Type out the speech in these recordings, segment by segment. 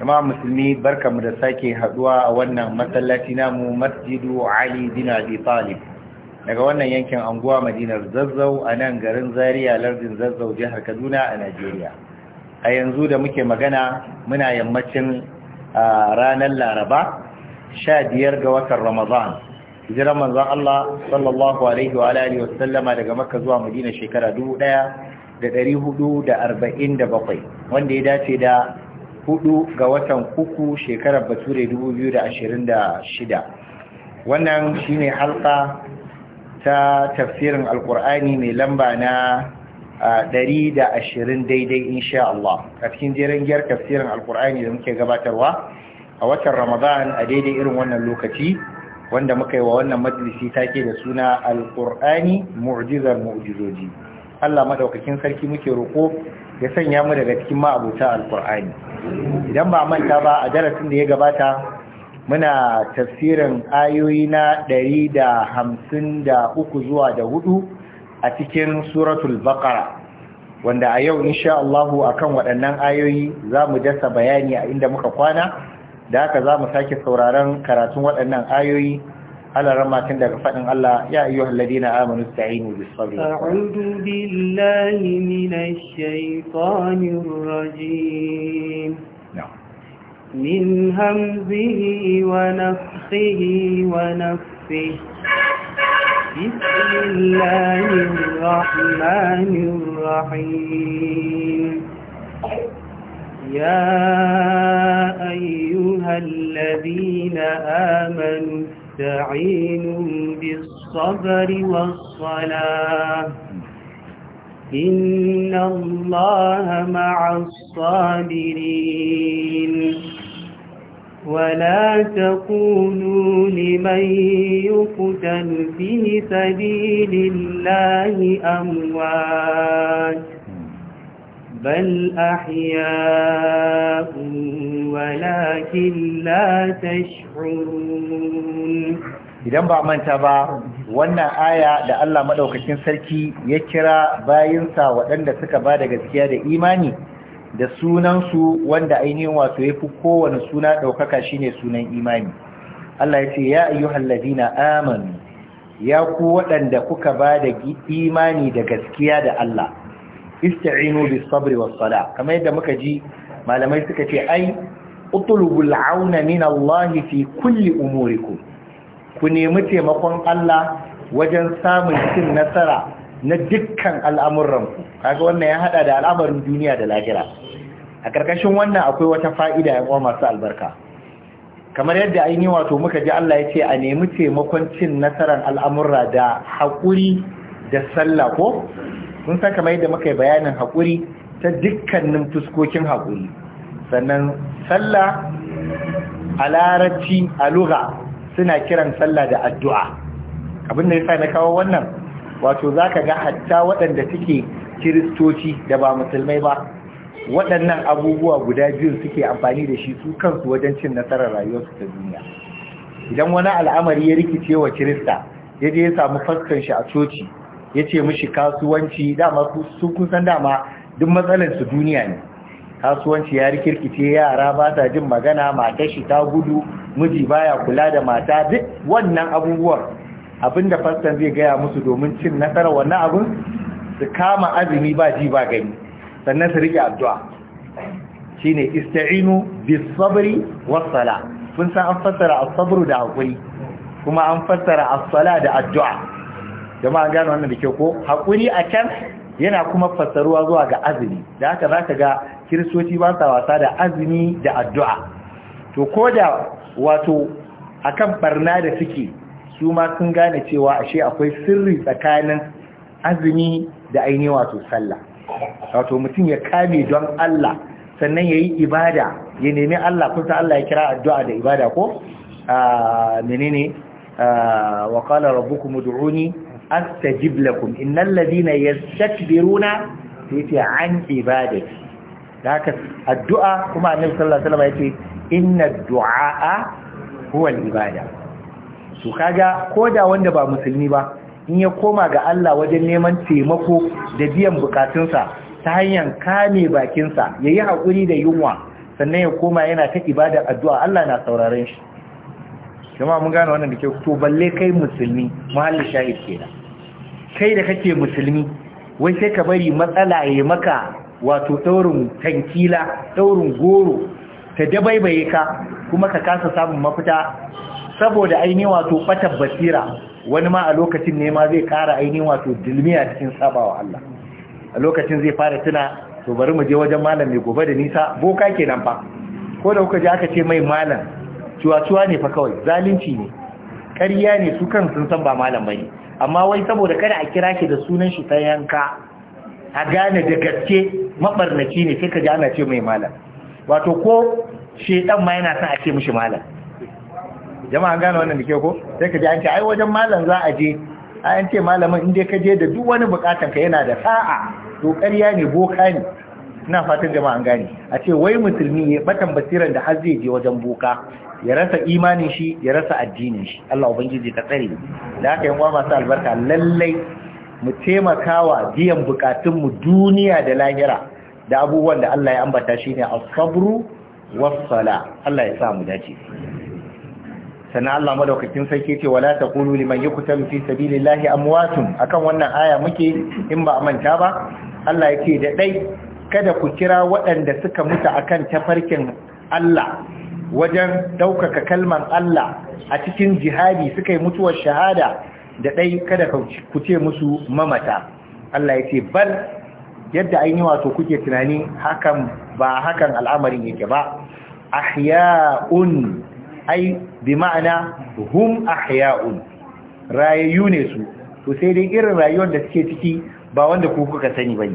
jama musulmi barkamu da sake haɗuwa a wannan masallaci namu masjidu ali bin abi talib daga wannan yankin anguwa madinar zazzau a nan garin zaria lardin zazzau jihar kaduna a najeriya a yanzu da muke magana muna yammacin ranar laraba sha biyar ga watan ramadan hijirar manzon allah sallallahu alaihi wa alihi wa sallama daga makka zuwa madina shekara dubu ɗaya da ɗari hudu da arba'in da bakwai wanda ya dace da hudu ga watan uku shekarar bature 2026 wannan shine halka ta tafsirin alkur'ani mai lamba na 120 daidai insha Allah a cikin jirin giyar tafsirin alkur'ani da muke gabatarwa a watan ramadan a daidai irin wannan lokaci wanda muka yi wa wannan majalisi take da suna alkur'ani mu'jizar mu'jizoji Allah madaukakin sarki muke roƙo ya sanya mu daga cikin ma'abuta alkur'ani idan ba manta ba a darasin da ya gabata muna tafsirin ayoyi na ɗari da hamsin da uku zuwa da hudu a cikin suratul baqara wanda a yau insha Allahu akan waɗannan ayoyi za mu dasa bayani a inda muka kwana da haka za mu sake sauraron karatun waɗannan ayoyi على رماتين لك فإن الله يا أيها الذين آمنوا استعينوا بالصبر أعوذ بالله من الشيطان الرجيم نعم من همزه ونفخه ونفخه بسم الله الرحمن الرحيم يا أيها الذين آمنوا مستعين بِالصَّبْرِ وَالصَّلَاةِ إِنَّ اللَّهَ مَعَ الصَّابِرِينَ ولا تقولوا لمن يقتل في سبيل الله أموات بل أحياء ولكن لا تشعرون idan ba manta ba wannan aya da Allah madaukakin sarki ya kira bayinsa waɗanda suka ba da gaskiya da imani da sunansu wanda ainihin wato yafi fi kowane suna ɗaukaka shine sunan imani Allah ya ce ya ladina amanu ya ku waɗanda kuka ba da imani da gaskiya da Allah isti'inu bis sabri was sala kamar yadda muka ji malamai suka ce ai utlubul la'auna min Allah fi kulli umurikum ku nemi taimakon Allah wajen samun cin nasara na dukkan al'amuranku kaga wannan ya hada da al'amarin duniya da lahira a karkashin wannan akwai wata fa'ida ya kuma masu albarka kamar yadda ainihi wato muka ji Allah ya ce a nemi taimakon cin nasarar al'amurra da haƙuri da sallah ko mun san kamar yadda muka yi bayanin haƙuri ta dukkanin fuskokin haƙuri sannan sallah a larabci a suna kiran sallah da addu'a abinda ya sa na kawo wannan wato za ka ga hatta waɗanda suke kiristoci da ba musulmai ba waɗannan abubuwa guda biyu suke amfani da shi su kansu wajen cin nasarar rayuwarsu ta duniya idan wani al'amari ya rikice wa kirista ya je ya samu faskan shi a coci ya ce mishi kasuwanci dama su kusan dama duk matsalar duniya ne kasuwanci ya rikirkice yara ba ta jin magana mata shi ta gudu miji baya kula da mata duk wannan abubuwan abinda fastan zai gaya musu domin cin nasara wannan abun su kama azumi ba ji ba gani sannan su rike addu'a shine istaeenu bis sabri was sala kun san an fassara as-sabru da hakuri kuma an fassara as-sala da addu'a jama'a gano wannan da ke ko hakuri a can yana kuma fassaruwa zuwa ga azumi da haka zaka ga kiristoci ba sa wasa da azumi da addu'a to ko da wato akan barna da suke su ma sun gane cewa ashe akwai sirri tsakanin azumi da aini wato sallah wato mutum ya kame don Allah sannan ya yi ibada ya nemi Allah kusa Allah ya kira addu'a da ibada ko menene wa qala rabbukum ud'uni astajib lakum innal ladina yastakbiruna fi an ibadati da haka addu'a kuma annabi sallallahu alaihi wasallam yace inna du'a huwa ibada su kaga koda wanda ba musulmi ba in ya koma ga Allah wajen neman taimako da biyan bukatunsa ta hanyar kame bakinsa ya yi hakuri da yunwa sannan ya koma yana ta ibadar addu'a Allah na sauraren shi kuma mun gane wannan da ke to balle kai musulmi muhalli shahid kenan kai da kake musulmi wai sai ka bari matsala ya maka wato daurin tankila daurin goro ta dabaibaye ka kuma ka kasa samun mafita saboda aini wato batar basira wani ma a lokacin ne ma zai kara aini wato dilmiya cikin sabawa Allah a lokacin zai fara tuna to bari mu je wajen malam mai gobe da nisa boka kenan fa ko da kuka ji aka ce mai malam cuwa-cuwa ne fa kawai zalunci ne ƙarya ne su kan sun san ba malam bane amma wai saboda kada a kira ki da sunan shi ta yanka a gane da gaske mabarnaci ne sai ka ji ana ce mai malam wato ko shedan ma yana son a ce mishi malam jama'a gane wannan da ke ko sai ka ji an ce ai wajen malam za a je an ce malamin in dai ka je da duk wani bukatan ka yana da sa'a to ƙarya ne boka ne ina fatan jama'a gane a ce wai musulmi ya batan basiran da har zai je wajen boka ya rasa imanin shi ya rasa addinin shi Allah ubangiji ta tsare da haka yan uwa masu albarka lallai mu taimakawa biyan bukatun mu duniya da lahira da abubuwan da Allah ya ambata shine a sabru was Allah ya sa mu dace sannan Allah madaukakin sarki ce wala taqulu liman yuqtalu fi sabilillahi amwatun akan wannan aya muke in ba manta ba Allah yake da dai kada ku kira waɗanda suka mutu akan tafarkin Allah wajen daukaka kalman Allah a cikin jihadi suka yi mutuwar shahada da dai kada ku ce musu mamata Allah yake bal yadda ainihi wato kuke tunani hakan ba hakan al'amarin yake ba ahya'un ai bi ma'ana hum ahya'un rayayyu ne su to sai dai irin rayuwar da suke ciki ba wanda ku kuka sani bane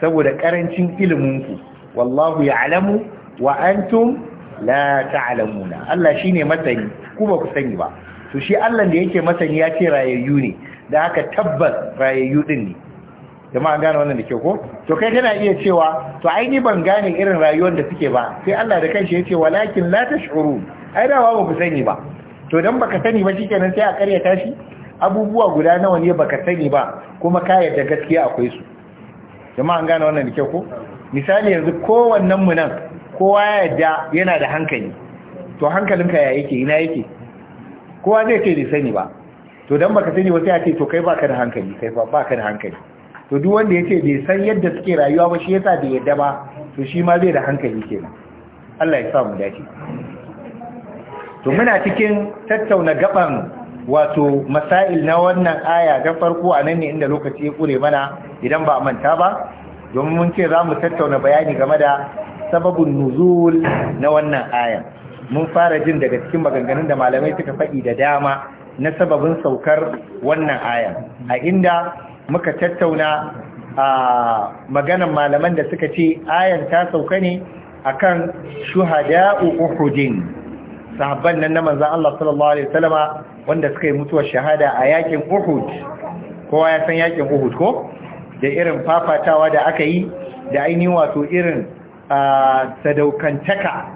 saboda karancin ilimin ku wallahu ya'lamu wa antum la ta'lamuna Allah shine masani ku ba ku sani ba to shi Allah da yake masani ya ce rayayyu ne da haka tabbas rayayyu din ne jama'a gane wannan da ke ko to kai kana iya cewa to ai ni ban gane irin rayuwar da suke ba sai Allah da kanshi ya ce walakin la tash'uru ai da ba ku sani ba to dan baka sani ba shikenan sai a ƙarya tashi abubuwa guda nawa ne baka sani ba kuma ka yarda gaskiya akwai su jama'a gane wannan da ke ko misali yanzu kowannen mu nan kowa ya yarda yana da hankali to hankalinka ya yake ina yake kowa zai ce bai sani ba to dan baka sani ba sai a ce to kai baka da hankali kai ba baka da hankali to duk wanda ya bai san yadda suke rayuwa ba shi yasa bai yadda ba to shi ma zai da hankali kenan Allah ya sa mu dace to muna cikin tattauna gaban wato masail na wannan aya ta farko a nan ne inda lokaci ya kure mana idan ba manta ba domin mun ce za mu tattauna bayani game da sababun nuzul na wannan aya mun fara jin daga cikin maganganun da malamai suka faɗi da dama na sababin saukar wannan aya a inda muka tattauna a maganan malaman da suka ce ayan ta sauka ne akan shuhada'u uhudin sahabban nan na manzon Allah sallallahu alaihi wasallama wanda suka yi mutuwar shahada a yakin Uhud kowa ya san yakin Uhud ko da irin fafatawa da aka yi da ainihin wato irin sadaukantaka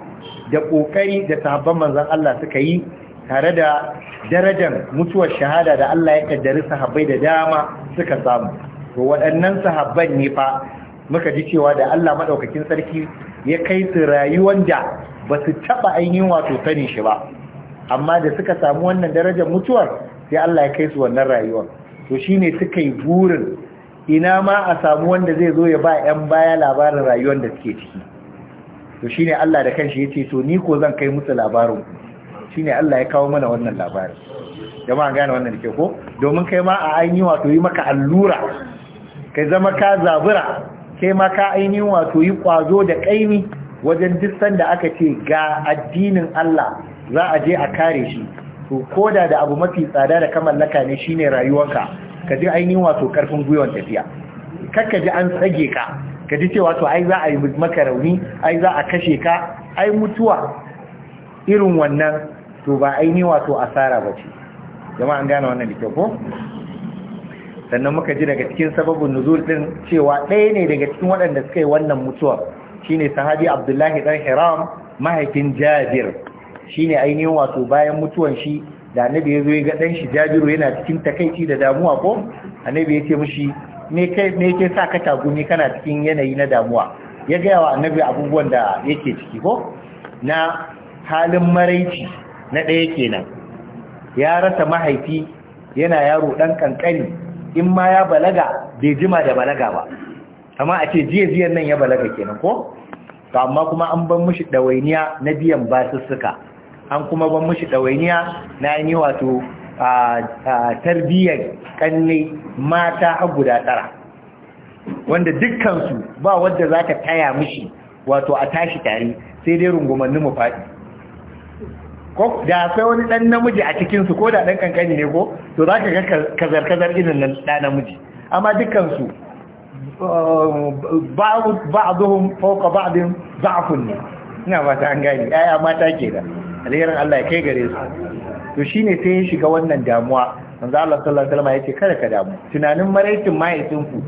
da kokari da sahabban manzon Allah suka yi tare da darajar mutuwar shahada da Allah ya kaddari sahabbai da dama suka samu to waɗannan sahabban ne fa muka ji cewa da Allah madaukakin sarki ya kai su rayuwar da ba su taɓa ainihin wato sanin shi ba amma da suka samu wannan darajar mutuwar sai Allah ya kai su wannan rayuwar to shine suka yi burin ina ma a samu wanda zai zo ya ba 'yan baya labarin rayuwar da suke ciki to shine Allah da kanshi yace to ni ko zan kai musu labarin ku ne Allah ya kawo mana wannan labari jama'a gane wannan ke ko domin kai ma a ainihin wato yi maka allura kai zama ka zabura kai ma ka ainihin wato yi kwazo da kaimi wajen duk sanda aka ce ga addinin Allah za a je a kare shi to koda da abu mafi tsada da ka mallaka ne shine rayuwarka ka ji ainihin wato karfin gwiwon tafiya kakka ji an tsage ka ka ji cewa to ai za a yi maka rauni ai za a kashe ka ai mutuwa irin wannan to ba aini wato asara ba ce jama'an gane wannan da ko sannan muka ji daga cikin sababin nuzul din cewa ɗaya ne daga cikin waɗanda suka yi wannan mutuwar shine sahabi abdullahi dan hiram mahaifin jabir shine ainihin wato bayan mutuwan shi da annabi ya zo ya ga dan shi jabiru yana cikin takaici da damuwa ko annabi ya ce mishi me kai me sa ka tagumi kana cikin yanayi na damuwa ya ga wa annabi abubuwan da yake ciki ko na halin maraici na ɗaya kenan ya rasa mahaifi yana yaro ɗan ƙanƙani in ma ya balaga bai jima da balaga ba amma a ce jiya-jiyan nan ya balaga kenan ko to amma kuma an ban mushi ɗawainiya na biyan basussuka an kuma ban mushi ɗawainiya na yi wato tarbiyyar ƙanne mata a guda tara wanda dukkansu ba wadda za ka taya mushi wato a tashi tare sai dai rungumanni mu faɗi ko da sai wani dan namiji a cikin su ko da dan kankani ne ko to ka ga kazar kazar irin nan dan namiji amma dukkan su um, ba'u ba'dhum fawqa ba'din za'fun ne ina ba ta an gani yaya mata ke da alherin Allah ya kai gare su to shine sai ya shiga wannan damuwa manzo Allah sallallahu alaihi wasallam yace kada ka damu tunanin maraicin tunku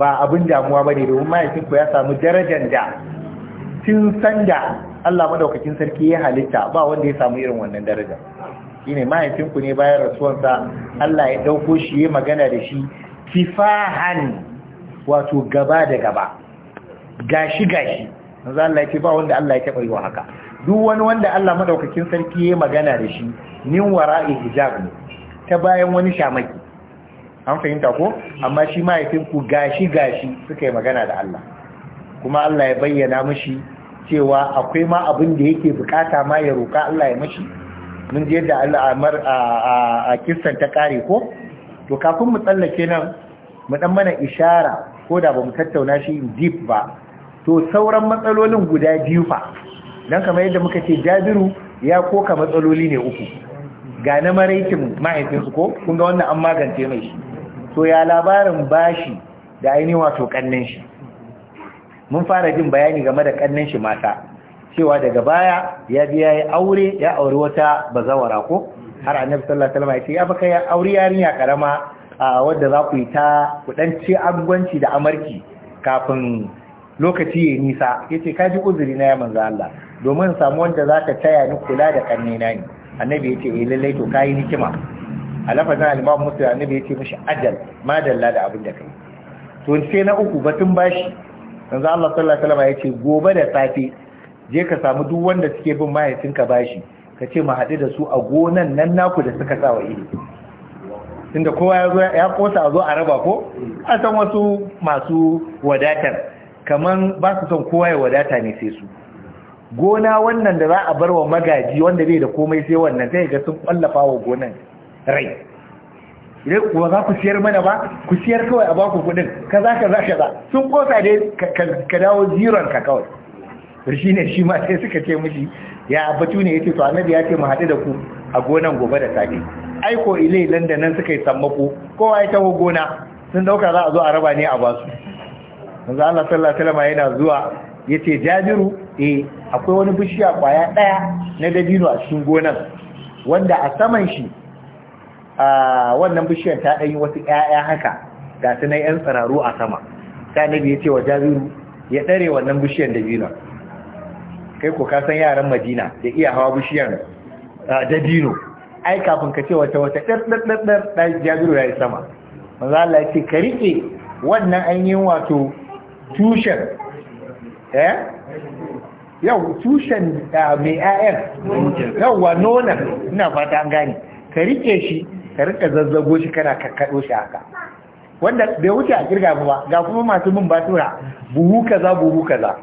ba abin damuwa bane domin tunku ya samu darajar da tun da Allah madaukakin sarki ya halitta ba wanda ya samu irin wannan daraja shine ku ne bayan rasuwansa Allah ya dauko shi ya magana da shi kifahan wato gaba da gaba gashi gashi manzo Allah ya ba wanda Allah ya taba yi wa haka duk wani wanda Allah madaukakin sarki ya magana da shi nin wara'i hijab ne ta bayan wani shamaki an fahimta ko amma shi mahaifinku gashi gashi suka yi magana da Allah kuma Allah ya bayyana mishi cewa akwai ma abin da yake bukata ma ya roƙa Allah ya mashi mun je da Allah a kissan ta kare ko to kafin mu tsallake nan mu dan mana ishara ko da bamu tattauna shi deep ba to sauran matsalolin guda biyu fa dan kamar yadda muka ce Jabiru ya koka matsaloli ne uku ga na maraikin mahaifinsu ko kun ga wannan an magance mai shi to ya labarin bashi da ainihin wato kannin shi mun fara jin bayani game da kannin shi mata cewa daga baya ya ji yayi aure ya aure wata bazawara ko har annabi sallallahu alaihi wasallam ya ce ya baka ya aure yarinya karama wadda za ku yi ta ku dan ci agwanci da amarki kafin lokaci ya nisa yace ka ji uzuri na ya manzo Allah domin samu wanda za ta taya ni kula da na ni annabi yace eh lallai to kai hikima a lafazin al-imam muslim annabi yace mishi ajal ma dala da abin da kai to sai na uku batun bashi yanzu Allah sallallahu alaihi wasallam ya gobe da safe je ka samu duk wanda suke bin mahaifin ka bashi ka ce mu haɗu da su a gonan nan naku da suka sa wa tunda kowa ya zo ya kosa a zo a raba ko a san wasu masu wadatar kaman ba su son kowa ya wadata ne sai su gona wannan da za a bar wa magaji wanda bai da komai sai wannan sai ga sun kallafa wa gonan rai idan kuwa za ku siyar mana ba ku siyar kawai a baku kudin kaza kaza kaza sun kosa dai ka dawo jiron ka kawai rishi ne shi ma sai suka ce mishi ya batu ne yace to annabi ya ce mu haɗu da ku a gonan gobe da safe aiko ile landa nan suka yi sammako kowa ya taho gona sun dauka za a zo a raba ne a basu yanzu Allah sallallahu alaihi yana zuwa yace Jabiru eh akwai wani bishiya kwaya ɗaya na dabino a cikin gonan wanda a saman shi wannan bishiyar ta ɗanyi wasu ƴaƴa haka ga su na ƴan tsararru a sama ta nabi ya ce wa jaziru ya ɗare wannan bishiyar dabino? kai ko ka san yaran madina da iya hawa bishiyar dabino? ai kafin ka ce wata wata ɗar jaziru ya yi sama maza Allah ya ce ka riƙe wannan an yi wato tushen eh yau tushen mai 'ya'yan wa nonan ina fata an gane ka rike shi ka rinka zazzago shi kana kakkado shi haka wanda bai wuce a kirga ba ga kuma masu bin batura buhu kaza buhu kaza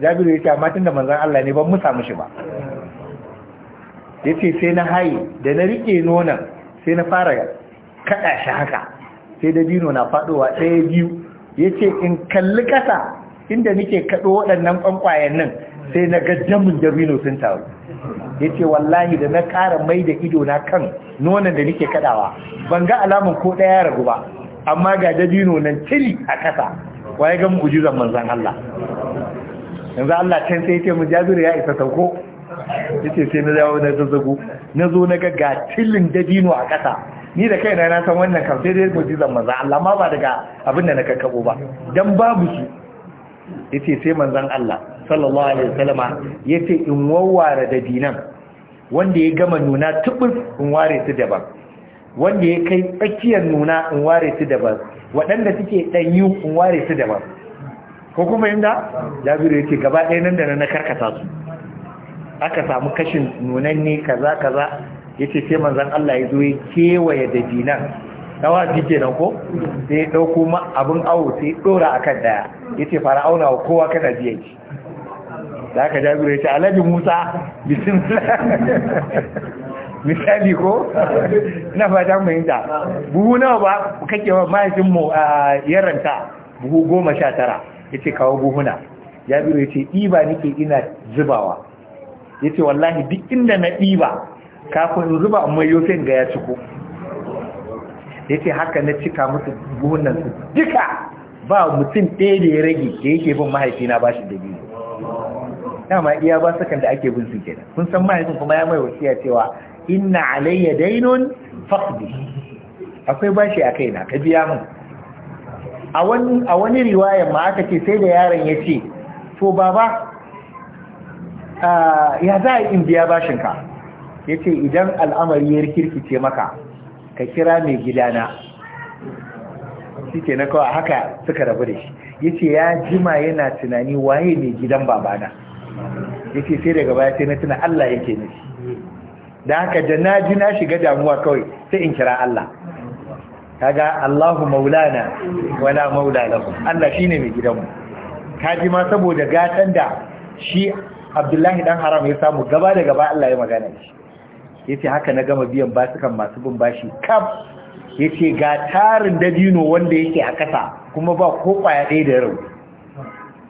jabiru ya ce amma tun da manzon Allah ne ban mu samu shi ba yace sai na haye da na rike nonon sai na fara kaɗa shi haka sai da dino na faɗowa ɗaya biyu yace in kalli kasa inda nake kaɗo waɗannan kwankwayen nan sai na ga jamin dabino sun taru ya ce wallahi da na kara mai da ido na kan nonon da nake kadawa ban ga alamun ko daya ya ragu ba amma ga dabino nan cili a ƙasa waye ga mu'jizan manzan Allah yanzu Allah can sai ya ce mun jabiru ya isa sauko ya ce sai na zawo na zazzago na zo na ga ga cilin dabino a ƙasa ni da kaina na san wannan kam sai dai mu'jizan manzan Allah ma ba daga abin da na kakkabo ba dan babu su ya ce sai manzan Allah sallallahu alaihi wasallama yace in wawware da dinan wanda ya gama nuna tubus in ware su daban wanda ya kai tsakiyar nuna in ware su daban waɗanda suke danyu in ware su daban ko kuma inda jabiru yace gaba ɗaya nan da na karkata su aka samu kashin ne kaza kaza yace sai manzon Allah ya zo ya kewaye da dinan dawa dike nan ko sai ya dauko abin awo sai dora akan daya yace fara auna wa kowa kana jiyanci da aka jabiru ya ce alhaji musa bismillah misali ko na fata ta. buhu nawa ba kake wa mu a yaranta buhu goma sha tara ya ce kawo buhuna jabiru ya ce ɗiba nike ina zubawa ya ce wallahi duk inda na ɗiba kafin zuba amma yosin ga ya ciko ya ce haka na cika musu buhunan su duka ba mutum ɗaya da ya rage da yake bin mahaifina ba shi da biyu dama iya ba sakan da ake bin su kenan kun san mahaifin kuma ya mai wasiya cewa inna alayya dainun faqdi akwai bashi a kaina ka biya min a wani a wani riwaya ma aka ce sai da yaron ya ce to baba ya za a in biya bashin ka yace idan al'amari ya rikirkice maka ka kira mai gidana shike na kawai haka suka rabu da shi yace ya jima yana tunani waye ne gidan babana yace sai daga baya sai na tuna Allah yake nufi da haka da na ji na shiga damuwa kawai sai in kira Allah kaga Allahu maulana wala maula lahu Allah shine mai gidanmu kaji ma saboda gatan da shi Abdullahi dan Haram ya samu gaba da gaba Allah ya magana shi yace haka na gama biyan basukan masu bin bashi kaf yace ga tarin dabino wanda yake a kasa kuma ba ko kwaya ɗaya da rauni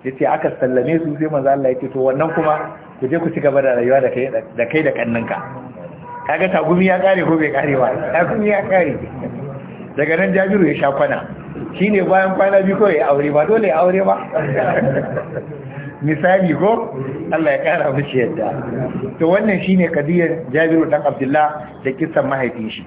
yace aka sallame su sai manzo Allah ya ce to wannan kuma ku je ku ci gaba da rayuwa da kai da kai da kanninka kaga tagumi ya kare ko bai kare ba tagumi ya kare daga nan jabiru ya sha kwana shine bayan kwana biyu ko ya aure ba dole ya aure ba misali ko Allah ya kara mishi yadda to wannan shine kadiyar Jabiru dan Abdullah da kissan mahaifin shi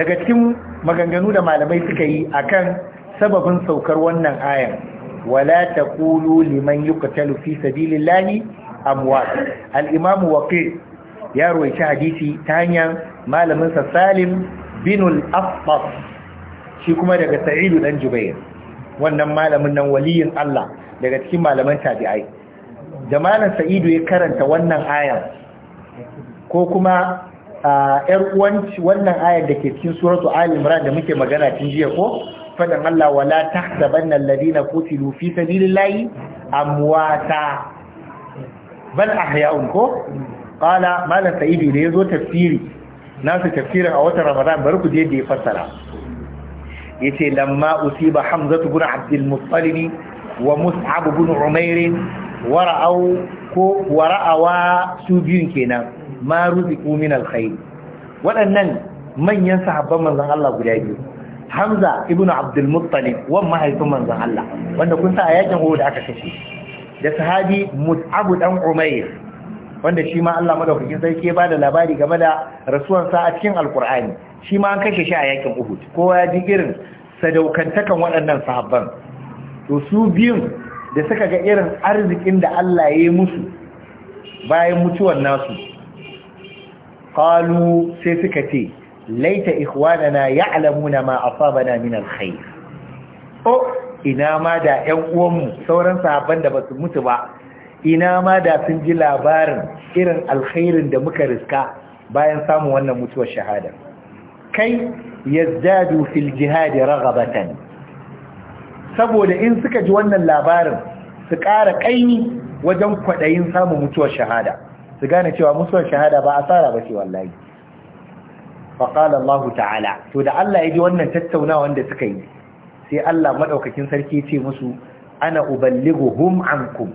daga cikin maganganu da malamai suka yi akan sababin saukar wannan ayan wala taqulu liman yuqtalu fi sabilillahi amwat al-imam waqi ya rawaita hadisi ta hanyar malamin sa Salim bin al-Affas shi kuma daga Sa'id dan wannan malamin nan waliyin Allah daga cikin malaman tabi'ai da malam Sa'idu ya karanta wannan ayar ko kuma ‘yar uwanci wannan ayar da ke cikin suratu al'imra da muke magana tun jiya ko fadan Allah wala tahsabanna alladhina qutilu fi sabilillahi amwata bal ahya'un ko qala malam sa'idu da yazo tafsiri nasu tafsirin a watan ramadan bari ku je da ya fassara yace lamma usiba hamzatu ibn abdul muttalib wa mus'ab ibn umair wa ra'aw ko wa ra'awa su biyun kenan ma ruziqu min alkhair waɗannan manyan sahabban manzon Allah guda biyu hamza Ibn abdul muttalib wan mahaifin manzon Allah wanda kun sa a yakin da aka kashe da sahabi mus'ab dan umair wanda shi ma Allah madaukakin sarki ya bada labari game da rasuwan sa a cikin alqur'ani shi ma an kashe shi a yakin Uhud kowa ya ji irin sadaukantakan waɗannan sahabban to su biyun da suka ga irin arzikin da Allah ya yi musu bayan mutuwar nasu qalu sai suka ce laita ikhwanana ya'lamuna ma asabana min alkhair oh ina ma da ƴan uwanmu sauran sahabban da basu mutu ba ina ma da sun ji labarin irin alkhairin da muka riska bayan samun wannan mutuwar shahada kai yazdadu fil jihad raghabatan saboda in suka ji wannan labarin su ƙara ƙaimi wajen kwaɗayin samun mutuwar shahada su gane cewa mutuwar shahada ba asara ba ce wallahi faƙalar ta'ala to da Allah ya ji wannan tattaunawa da suka yi sai Allah maɗaukakin sarki ce musu ana uballigu hum ankum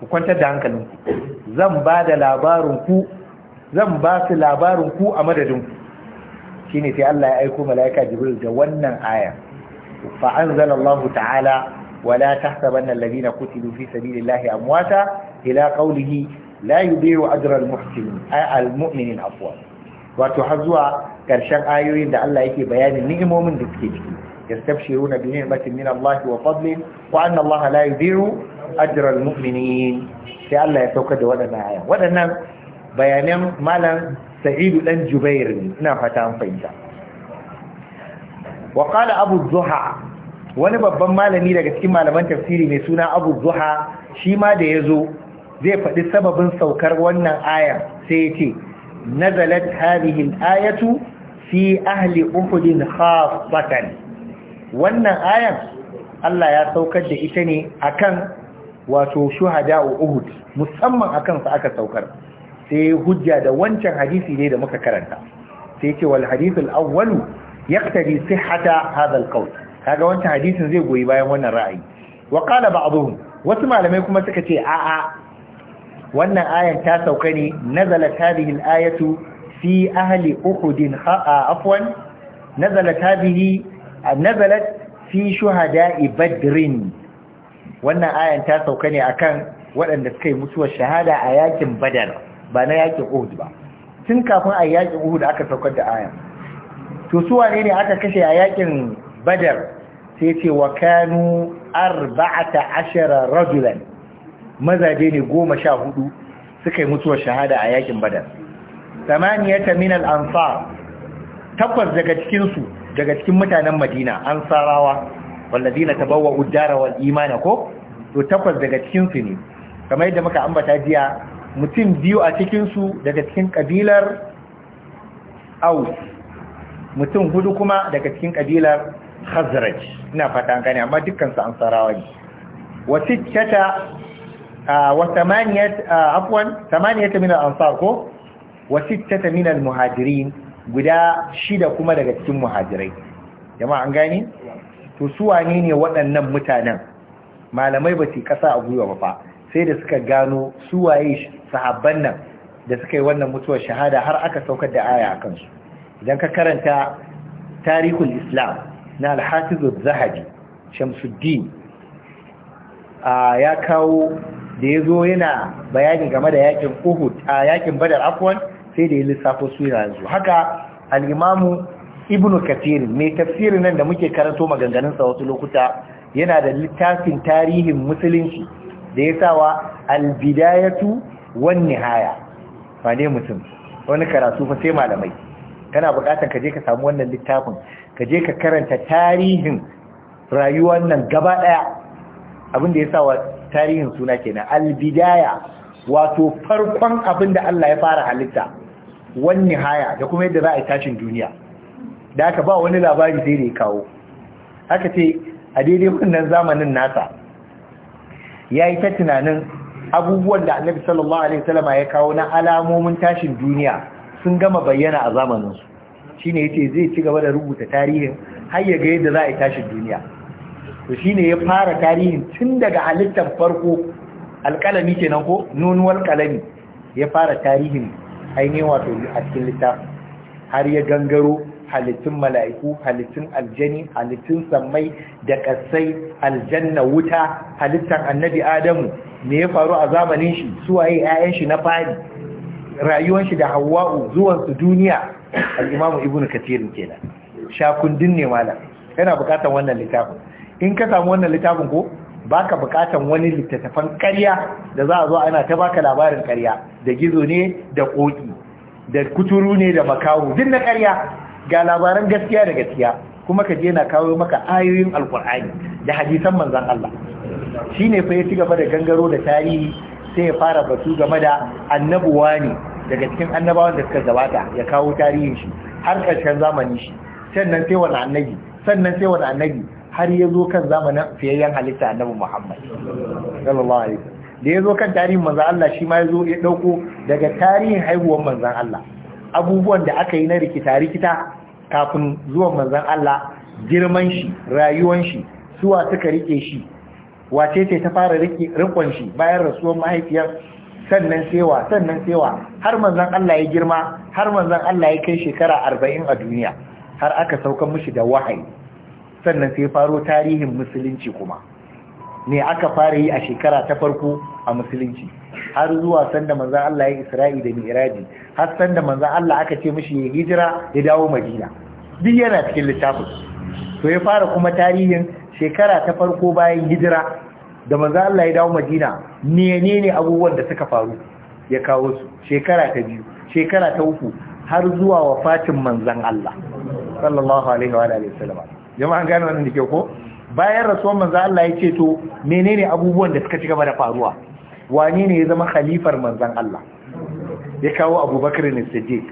ku kwantar da hankalinku zan ba da labarinku zan ba su labarinku a madadinku shi ne sai Allah ya aiko mala'ika jibril da wannan aya fa'anzan Allah ta'ala wala tahsabanna na qutilu fi sabilillahi amwata ila qawlihi la yudiru ajra al-muhsinin ay al-mu'minin wato har zuwa ƙarshen ayoyin da Allah yake bayanin ni'imomin da suke ciki yastabshiruna bi ni'matin min Allah wa fadlin wa anna Allah la yudiru ajra al-mu'minin sai Allah ya sauka da waɗannan aya waɗannan bayanan malam Sa'idu dan Jubair ina fata an fahimta wa qala Abu Zuha wani babban malami daga cikin malaman tafsiri mai suna abu zuha shi ma da ya zo zai faɗi sababin saukar wannan aya sai ya ce nazalat hadhihi ayatu fi ahli Uhudin khassatan wannan ayan Allah ya saukar da ita ne akan wato shuhada uhud musamman akan sa aka saukar sai hujja da wancan hadisi ne da muka karanta sai ce wal hadith al-awwal yaqtadi sihhata hadha al kaga wancan hadisin zai goyi bayan wannan ra'ayi wa qala wasu malamai kuma suka ce a'a wannan ayan ta sauka ne nazalat hadhihi al-ayatu fi ahli uhud afwan nazalat hadhihi nazalat fi shuhada'i badrin wannan ayan ta sauka ne akan waɗanda suka yi mutuwar shahada a yakin badar ba na yakin uhud ba tun kafin a yakin uhud aka saukar da ayan to su wane ne aka kashe a yakin badar sai ce wa kanu arba'ata ashara rajulan mazaje ne goma sha hudu suka yi mutuwar shahada a yakin badar samaniyata min al-ansar takwas daga cikinsu daga cikin mutanen madina ansarawa walladina tabawwa'u ad uddara wal imana ko to takwas daga cikin su ne kamar yadda muka ambata jiya mutum biyu a cikin su daga cikin kabilar aus mutum hudu kuma daga cikin kabilar khazraj ina fata an gane amma dukkan su ansarawa ne wa sittata wa samaniyat afwan samaniyat min ko wa sittata muhajirin guda shida kuma daga cikin muhajirai jama'a an gane to su wane ne waɗannan mutanen malamai ba su kasa a gwiwa ba fa sai da suka gano suwaye sahabban nan da suka yi wannan mutuwar shahada har aka saukar da aya a kansu idan ka karanta tarihul islam na alhafizu zahabi shamsuddin ya kawo da ya zo yana bayani game da yakin uhud a yakin badar afwan sai da ya lissafo sunayen yanzu. haka al-imamu ibnu kathir mai tafsirin nan da muke karanto maganganun sa wasu lokuta yana da littafin tarihin musulunci da ya sawa al-bidayatu wan nihaya ba ne mutum wani karatu fa sai malamai kana bukatar ka je ka samu wannan littafin ka je ka karanta tarihin rayuwar nan gaba daya abin da ya sawa tarihin suna kenan albidaya wato farkon abin da Allah ya fara halitta wani haya da kuma yadda za a yi tashin duniya da aka ba wani labari sai da ya kawo aka ce a daidai wannan zamanin nasa ya yi ta tunanin abubuwan da annabi sallallahu alaihi salama ya kawo na alamomin tashin duniya sun gama bayyana a zamaninsu ya ce zai ci gaba da rubuta tarihin har ya ga yadda za a yi tashin duniya to ne ya fara tarihin tun daga halittar farko alƙalami kenan ko nunuwar kalami ya fara tarihin ainihin wato a cikin littafin har ya gangaro halittun mala'iku halittun aljani halittun sammai da ƙasai aljanna wuta halittar annabi adamu me ya faru a zamanin shi suwaye 'ya'yan shi na fari rayuwar shi da hawa'u zuwan su duniya Al'imamu Ibn ibnu kathir kenan shakundin ne malam yana bukatar wannan littafin in ka samu wannan littafin ko ba ka bukatan wani littattafan karya da za a zo ana ta baka labarin karya da gizo ne da ƙoƙi da kuturu ne da makawo duk na karya ga labaran gaskiya da gaskiya kuma ka je na kawo maka ayoyin alkur'ani da hadisan manzan Allah shi ne fa ya ci gaba da gangaro da tarihi sai ya fara batu game da annabuwa ne daga cikin annabawan da suka gabata ya kawo tarihin shi har ƙarshen zamani shi sannan sai wani annabi sannan sai wani annabi har ya zo kan zamanin fiyayyen halitta annabi Muhammad sallallahu alaihi da ya zo kan tarihin manzan Allah shi ma ya zo ya ɗauko daga tarihin haihuwar manzan Allah abubuwan da aka yi na rikita-rikita kafin zuwa manzan Allah girman shi rayuwar shi suwa suka rike shi wace ce ta fara rikon shi bayan rasuwar mahaifiyar sannan sewa sannan sewa har manzan Allah ya girma har manzan Allah ya kai shekara arba'in a duniya har aka saukar mushi da wahayi sannan sai faro tarihin musulunci kuma ne aka fara yi a shekara ta farko a musulunci har zuwa sanda manzo Allah ya Isra'i da Mi'raji har sanda manzo Allah aka ce mishi ya hijira ya dawo Madina duk yana cikin littafin to ya fara kuma tarihin shekara ta farko bayan hijira da manzo Allah ya dawo Madina menene abubuwan da suka faru ya kawo su shekara ta biyu shekara ta uku har zuwa wafatin manzon Allah sallallahu alaihi wa alihi wasallam jama'an gane wannan da ke ko bayan rasuwan manzo Allah ya ce to menene abubuwan da suka ci gaba da faruwa wane ne ya zama khalifar manzon Allah ya kawo Abubakar ne Siddiq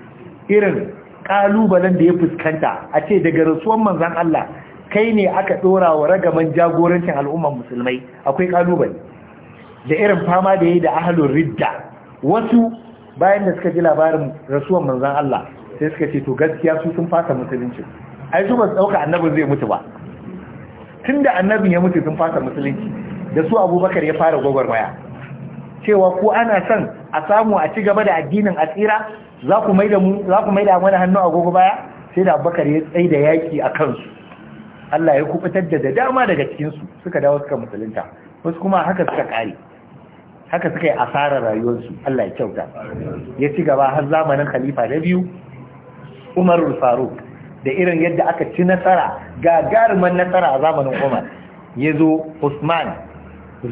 irin kalubalen da ya fuskanta a ce daga rasuwan manzon Allah kai ne aka dora wa ragaman jagorancin al'ummar musulmai akwai kalubale da irin fama da yayi da ahlul ridda wasu bayan da suka ji labarin rasuwan manzon Allah sai suka ce to gaskiya su sun fasa musulunci ai su ba su dauka annabi zai mutu ba tunda annabin ya mutu sun fasa musulunci da su abubakar ya fara gwagwarmaya cewa ko ana son a samu a ci gaba da addinin asira za ku ku maida mana hannu agogo baya sai da abubakar ya tsai da yaƙi a kansu Allah ya kubutar da dama daga cikinsu suka dawo suka musulunta wasu kuma haka suka ƙare haka suka yi asarar rayuwarsu Allah ya kyauta ya ci gaba har zamanin khalifa na biyu Umar Faruk da irin yadda aka ci nasara gagarumin nasara a zamanin Umar ya zo Usman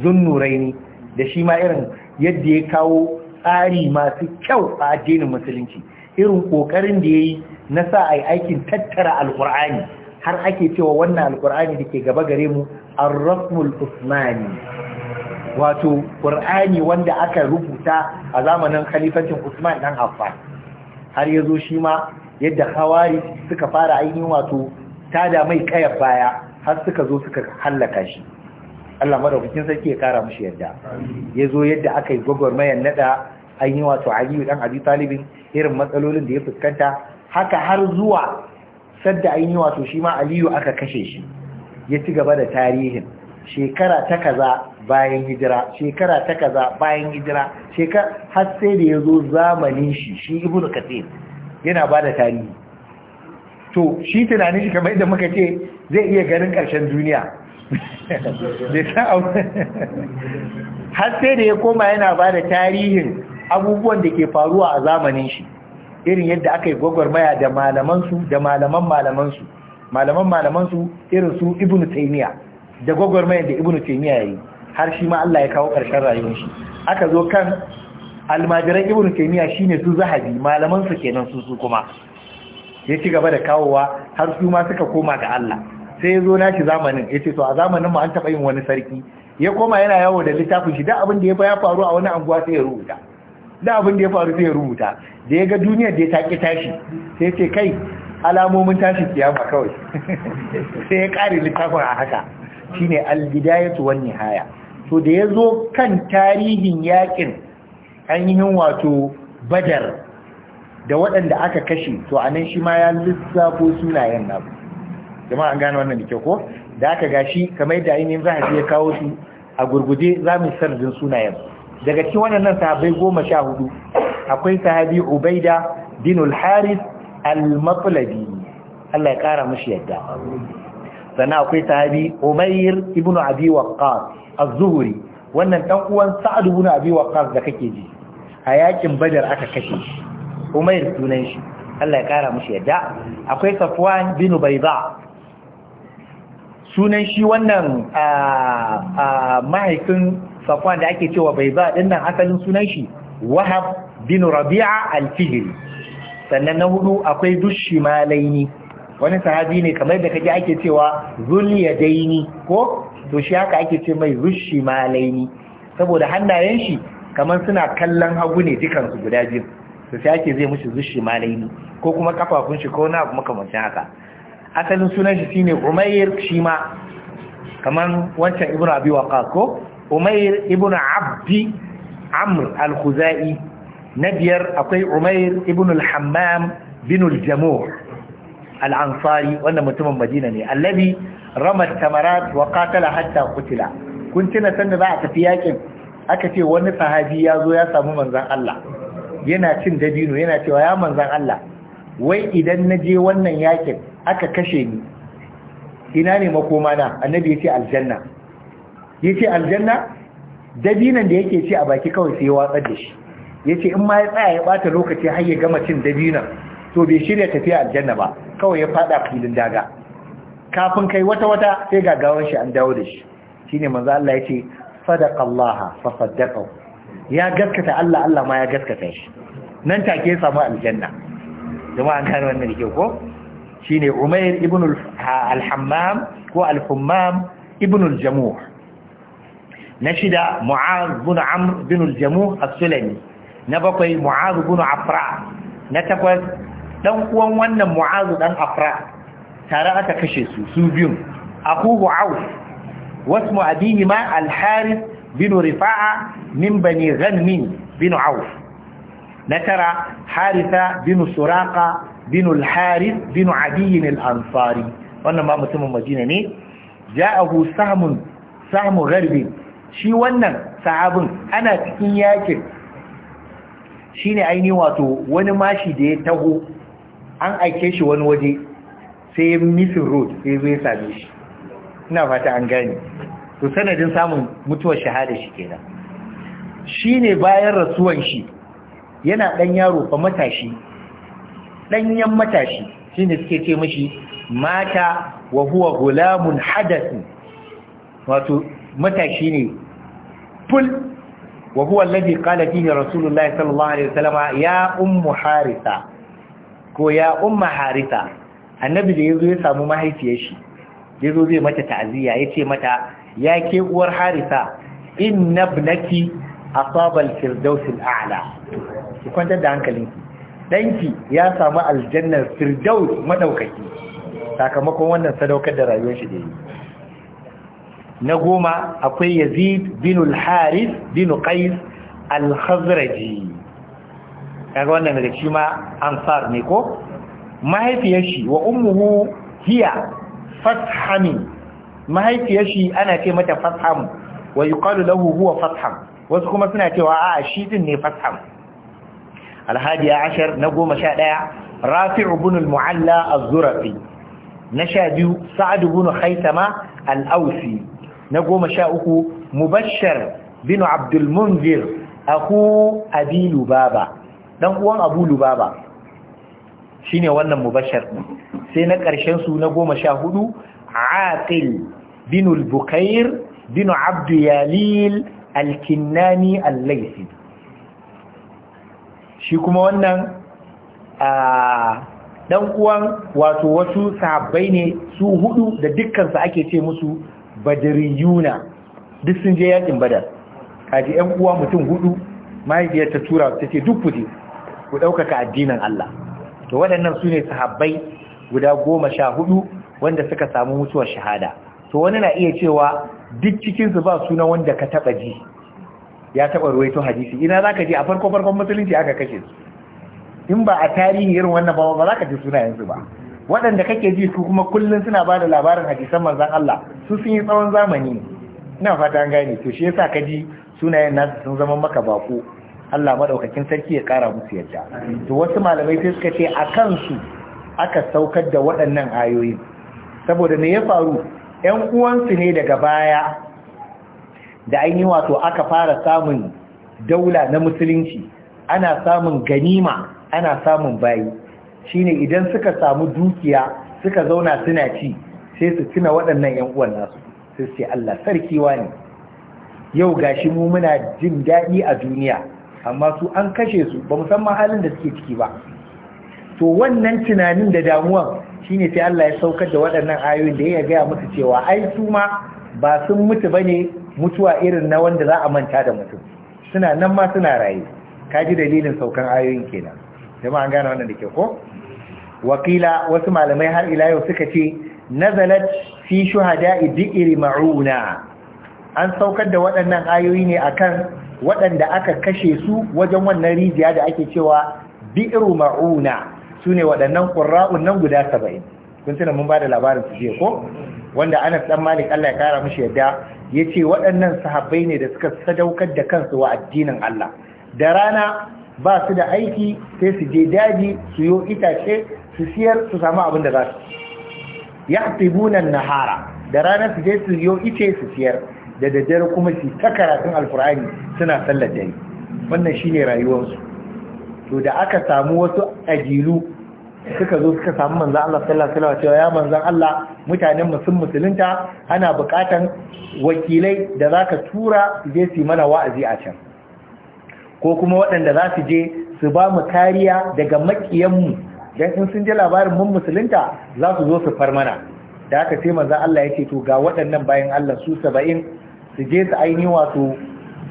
Zunnuraini da shi ma irin yadda ya kawo tsari masu kyau a addinin musulunci irin kokarin da ya yi na sa a yi aikin tattara alkur'ani har ake cewa wannan da ke gaba gare mu ar usmani wato Ƙur'ani wanda aka rubuta a zamanin khalifancin Usman dan Affan har yazo shi ma yadda hawari suka fara ainihin wato tada mai kayar baya har suka zo suka hallaka shi Allah madaukakin sarki ya kara mushi yadda ya zo yadda aka yi gwagwarmayar nada ainihin wato aliyu dan abi talibin irin matsalolin da ya fuskanta haka har zuwa sadda ainihin wato shi ma aliyu aka kashe shi ya ci gaba da tarihin shekara ta kaza bayan hijira shekara ta kaza bayan hijira shekara har sai da ya zo zamanin shi shi ibnu kathir yana ba da tarihi to shi tunanin shi kamar yadda muka ce zai iya ganin ƙarshen duniya har sai da ya koma yana ba da tarihin abubuwan da ke faruwa a zamanin shi irin yadda aka yi gwagwarmaya da malamansu da malaman malamansu malaman malamansu irin su ibn taimiyya da gwagwarmaya da ibnu taymiya yayi har shi ma Allah ya kawo ƙarshen rayuwar shi aka zo kan almajiran ibn taymiya shine su zahabi malaman su kenan su su kuma ya ci gaba da kawowa har su ma suka koma ga Allah sai ya zo nashi zamanin ya ce to a zamanin mu an taba yin wani sarki ya koma yana yawo da littafin shi da abin da ya ya faru a wani anguwa sai ya rubuta da abin da ya faru sai ya rubuta da ya ga duniyar da ya taƙi tashi sai ce kai alamomin tashi kiyama kawai sai ya ƙare littafin a haka shine al-bidayatu wan nihaya to da ya zo kan tarihin yakin ainihin wato badar da waɗanda aka kashe to a nan shi ma ya lissafo sunayen na jama'a an gane wannan da ko da aka gashi kamar da ainihin za a iya kawo su a gurguje za mu sarjin sunayen daga cikin nan sahabai goma sha hudu akwai sahabi ubaida dinul haris al-matsalabi Allah ya kara mashi yadda sannan akwai sahabi umair ibn abi waqqas az-zuhri wannan dan uwan sa'ad ibn abi waqqas da kake ji a yakin badar aka kashe shi umair sunan shi Allah ya kara mushi yadda akwai safwan bin bayda sunan shi wannan mahaifin safwan da ake cewa bayda din nan asalin sunan shi wahab bin rabi'a al-fihri sannan na hudu akwai malaini, wani sahabi ne kamar da kaje ake cewa daini, ko to shi haka ake ce mai malaini, saboda hannayen shi kamar suna kallon hagu ne dukansu guda biyu su sai ake zai mushi zushi malaini ko kuma kafafun shi ko na makamancin haka asalin sunan shi shine umair shi ma kamar wancan ibnu abi waqas ko umair ibnu abdi amr al-khuzai na biyar akwai umair ibnu al-hammam bin al-jamur al-ansari wannan mutumin madina ne Allabi Ramad tamarat wa qatala hatta qutila kun tuna sanda za a tafi yakin aka ce wani sahabi ya zo ya samu manzan Allah yana cin dabino yana cewa ya manzan Allah wai idan na je wannan yakin aka kashe ni ina ne makoma na annabi ce aljanna Ya ce aljanna dabinan da yake ci a baki kawai sai ya watsar da shi Ya ce in ma ya tsaya ya bata lokaci har ya gama cin dabinan to bai shirya tafiya aljanna ba kawai ya fada filin daga kafin kai wata wata sai ga gagawan shi an dawo da shi shine manzo Allah yace صدق الله فصدقه يا جسكة الله الله ما يا جسكة shi nan take samu aljanna jama'a gane wannan ke ko shine Umair ibn al-Hammam ko al-Hammam ibn al-Jamuh na shida Mu'az ibn Amr ibn al-Jamuh as-Sulami na bakwai Mu'az ibn Afra na takwas dan uwan wannan Mu'az dan Afra tare aka kashe su su biyun Abu Auf واسم أبيهما الحارث بن رفاعة من بني غنم بن عوف نترى حارثة بن سراقة بن الحارث بن عدي الأنصاري wannan ma mutumin Madina ne ja'ahu sahmun sahmu gharbi shi wannan sahabin ana cikin yakin shine ainihin wato wani mashi da ya taho an aike shi wani waje sai misin road sai zai same shi ina fata an gane Su sanadin samun mutuwar shahada shi kenan shine bayan rasuwan shi yana ɗan yaro fa matashi ɗanyen matashi ne suke ce mashi mata wa huwa gulamun hadath wato matashi ne ful wa huwa alladhi qala fihi rasulullahi sallallahu alaihi wasallam ya ummu ko ya umma harisa annabi da yazo ya samu mahaifiyar shi ya zo zai mata ta'aziyya ya ce mata ya ke uwar harisa in nabnaki sabal firdausin a'la ki kwantar da hankalinki Ɗanki ya samu aljannar firdaus maɗaukaki sakamakon wannan sadaukar da rayuwar shi da yi na goma akwai yazid bin haris bin qais al-khazraji kaga wannan daga shi ma ansar ne ko mahaifiyar shi wa ummuhu hiya fathami mahaifiyar shi ana ce mata fatham wa yuqalu lahu huwa fatham wasu kuma suna cewa a shi din ne fatham alhadiya ashar na goma sha ɗaya rafi'u bin al-mu'alla az-zurafi na sha biyu sa'adu bin haitama al-ausi na goma sha uku mubashshar bin abdul munzir aku abi lubaba dan uwan abu lubaba Shi ne wannan mubashar sai na ƙarshen su na goma sha hudu aqil binul bukair binu abdu yalil alkinnani allaisi shi kuma wannan a ɗan uwan wato wasu sahabbai ne su hudu da dukkansu ake ce musu badriyuna duk sun je yakin badar kaji yan uwa mutum hudu mahaifiyar ta tura ta ce duk ku ku ɗaukaka addinin Allah to waɗannan su ne sahabbai guda goma sha hudu wanda suka samu mutuwar shahada to wani na iya cewa duk cikinsu ba suna wanda ka taɓa ji ya taɓa to hadisi ina za ka je a farko farkon musulunci aka kashe su in ba a tarihi irin wannan ba ba za ka ji yanzu ba waɗanda kake ji su kuma kullum suna ba da labarin hadisan manzan Allah su sun yi tsawon zamani ina fata an gane to shi yasa ka ji sunayen nasu sun zama maka baƙo. Allah madaukakin sarki ya kara musu yadda to wasu malamai sai suka ce a kansu aka saukar da waɗannan ayoyi saboda me ya faru 'yan uwansu ne daga baya da an yi wato aka fara samun daula na musulunci ana samun ganima ana samun bayi shine idan suka samu dukiya suka zauna suna ci sai su tuna waɗannan 'yan uwan nasu sai su ce Allah sarki ne. yau gashi mu muna jin daɗi a duniya amma su an kashe su ba musamman halin da suke ciki ba to wannan tunanin da damuwan shine sai Allah ya saukar da waɗannan ayoyin da ya gaya musu cewa ai su ma ba sun mutu bane mutuwa irin na wanda za a manta da mutum suna nan ma suna raye kaji dalilin saukan ayoyin kenan jama'a an gane wannan da ke ko wakila wasu malamai har ila yau suka ce nazalat fi shuhada'i bi'ir ma'una an saukar da waɗannan ayoyi ne akan waɗanda aka kashe su wajen wannan rijiya da ake cewa bi'iru ma'una ne waɗannan ƙura'un nan guda saba'in? kun tuna mun bada labarin su ko wanda Anas ɗan Malik Allah ya kara mashi yadda ya ce waɗannan sahabbai ne da suka sadaukar da kansu wa addinin Allah da rana ba su da aiki sai su je daji su yo itace su siyar su samu abin da za su yahtibuna nahara da rana su je su yo ice su siyar da daddare kuma su ta karatun alkur'ani suna sallar yi. wannan shi ne rayuwarsu to da aka samu wasu ajilu suka zo suka samu manzan Allah sallallahu alaihi ya manzan Allah mutanen sun musulunta ana bukatan wakilai da za ka tura su je su mana wa'azi a can ko kuma waɗanda za su je su ba mu kariya daga makiyanmu dan in sun je labarin mun musulunta za su zo su far mana da aka ce manzan Allah ya ce to ga waɗannan bayan Allah su saba'in su je su aini wato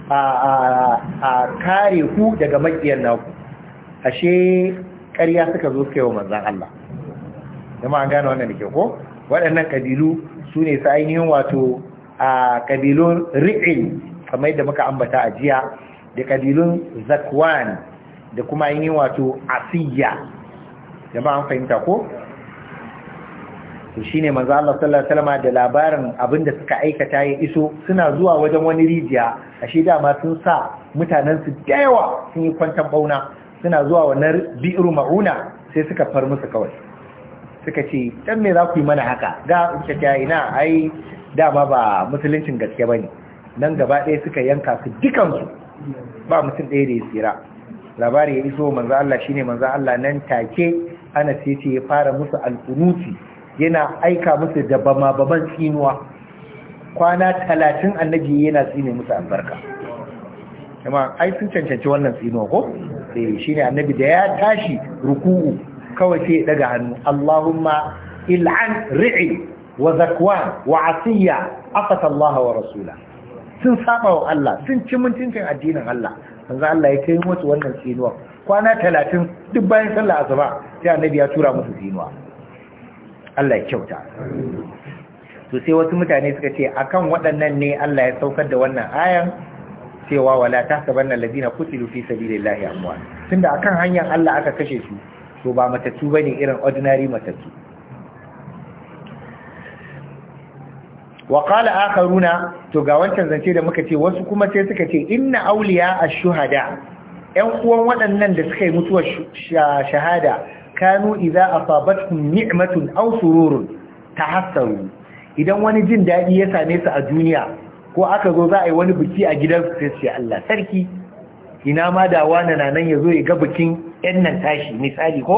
a kare ku daga makiyar naku ashe ƙarya suka zo suka yi wa manzan Allah zama an gane wannan da ke ko waɗannan ƙabilu su ne su ainihin wato a ƙabilun ri'il kamar da muka ambata a jiya da ƙabilun zakwan da kuma ainihin wato asiyya jama'a an fahimta ko to shine manzo Allah sallallahu alaihi wasallam da labarin abin da suka aikata ya iso suna zuwa wajen wani rijiya ashe dama sun sa mutanen su da yawa sun yi kwantan bauna suna zuwa wannan bi'ru mauna sai suka far musu kawai suka ce dan me za ku yi mana haka ga ta ina ai dama ba musuluncin gaske bane nan gaba ɗaya suka yanka su dukan su, ba mutum ɗaya da ya tsira labari ya iso manzo Allah shine manzo Allah nan take ana sai ce ya fara musu al-qunuti yana aika musu da bama baban tsinuwa kwana talatin annabi yana tsine musu albarka kuma ai sun cancanci wannan tsinuwa ko eh shine annabi da ya tashi ruku'u kawai sai ya daga hannu Allahumma il'an ri'i wa zakwan wa asiya afata Allah wa rasula sun saba wa Allah sun ci mutuncin addinin Allah manzo Allah ya kai musu wannan tsinuwa kwana talatin duk bayan sallah asuba sai annabi ya tura musu tsinuwa Allah ya kyauta to sai wasu mutane suka ce akan waɗannan ne Allah ya saukar da wannan ayan cewa wala tahsabanna allazina qutilu fi sabilillahi amwat tunda akan hanyar Allah aka kashe su to ba matattu bane irin ordinary matatu. wa qala akharuna to ga wancan zance da muka ce wasu kuma sai suka ce inna awliya ash-shuhada ƴan uwan waɗannan da suka yi mutuwar shahada kanu idza asabatkum ni'matun aw sururun tahassaru idan wani jin dadi ya same su a duniya ko aka zo za a yi wani biki a gidan su sai Allah sarki ina ma da wani na nan yazo ya ga bikin yan nan tashi misali ko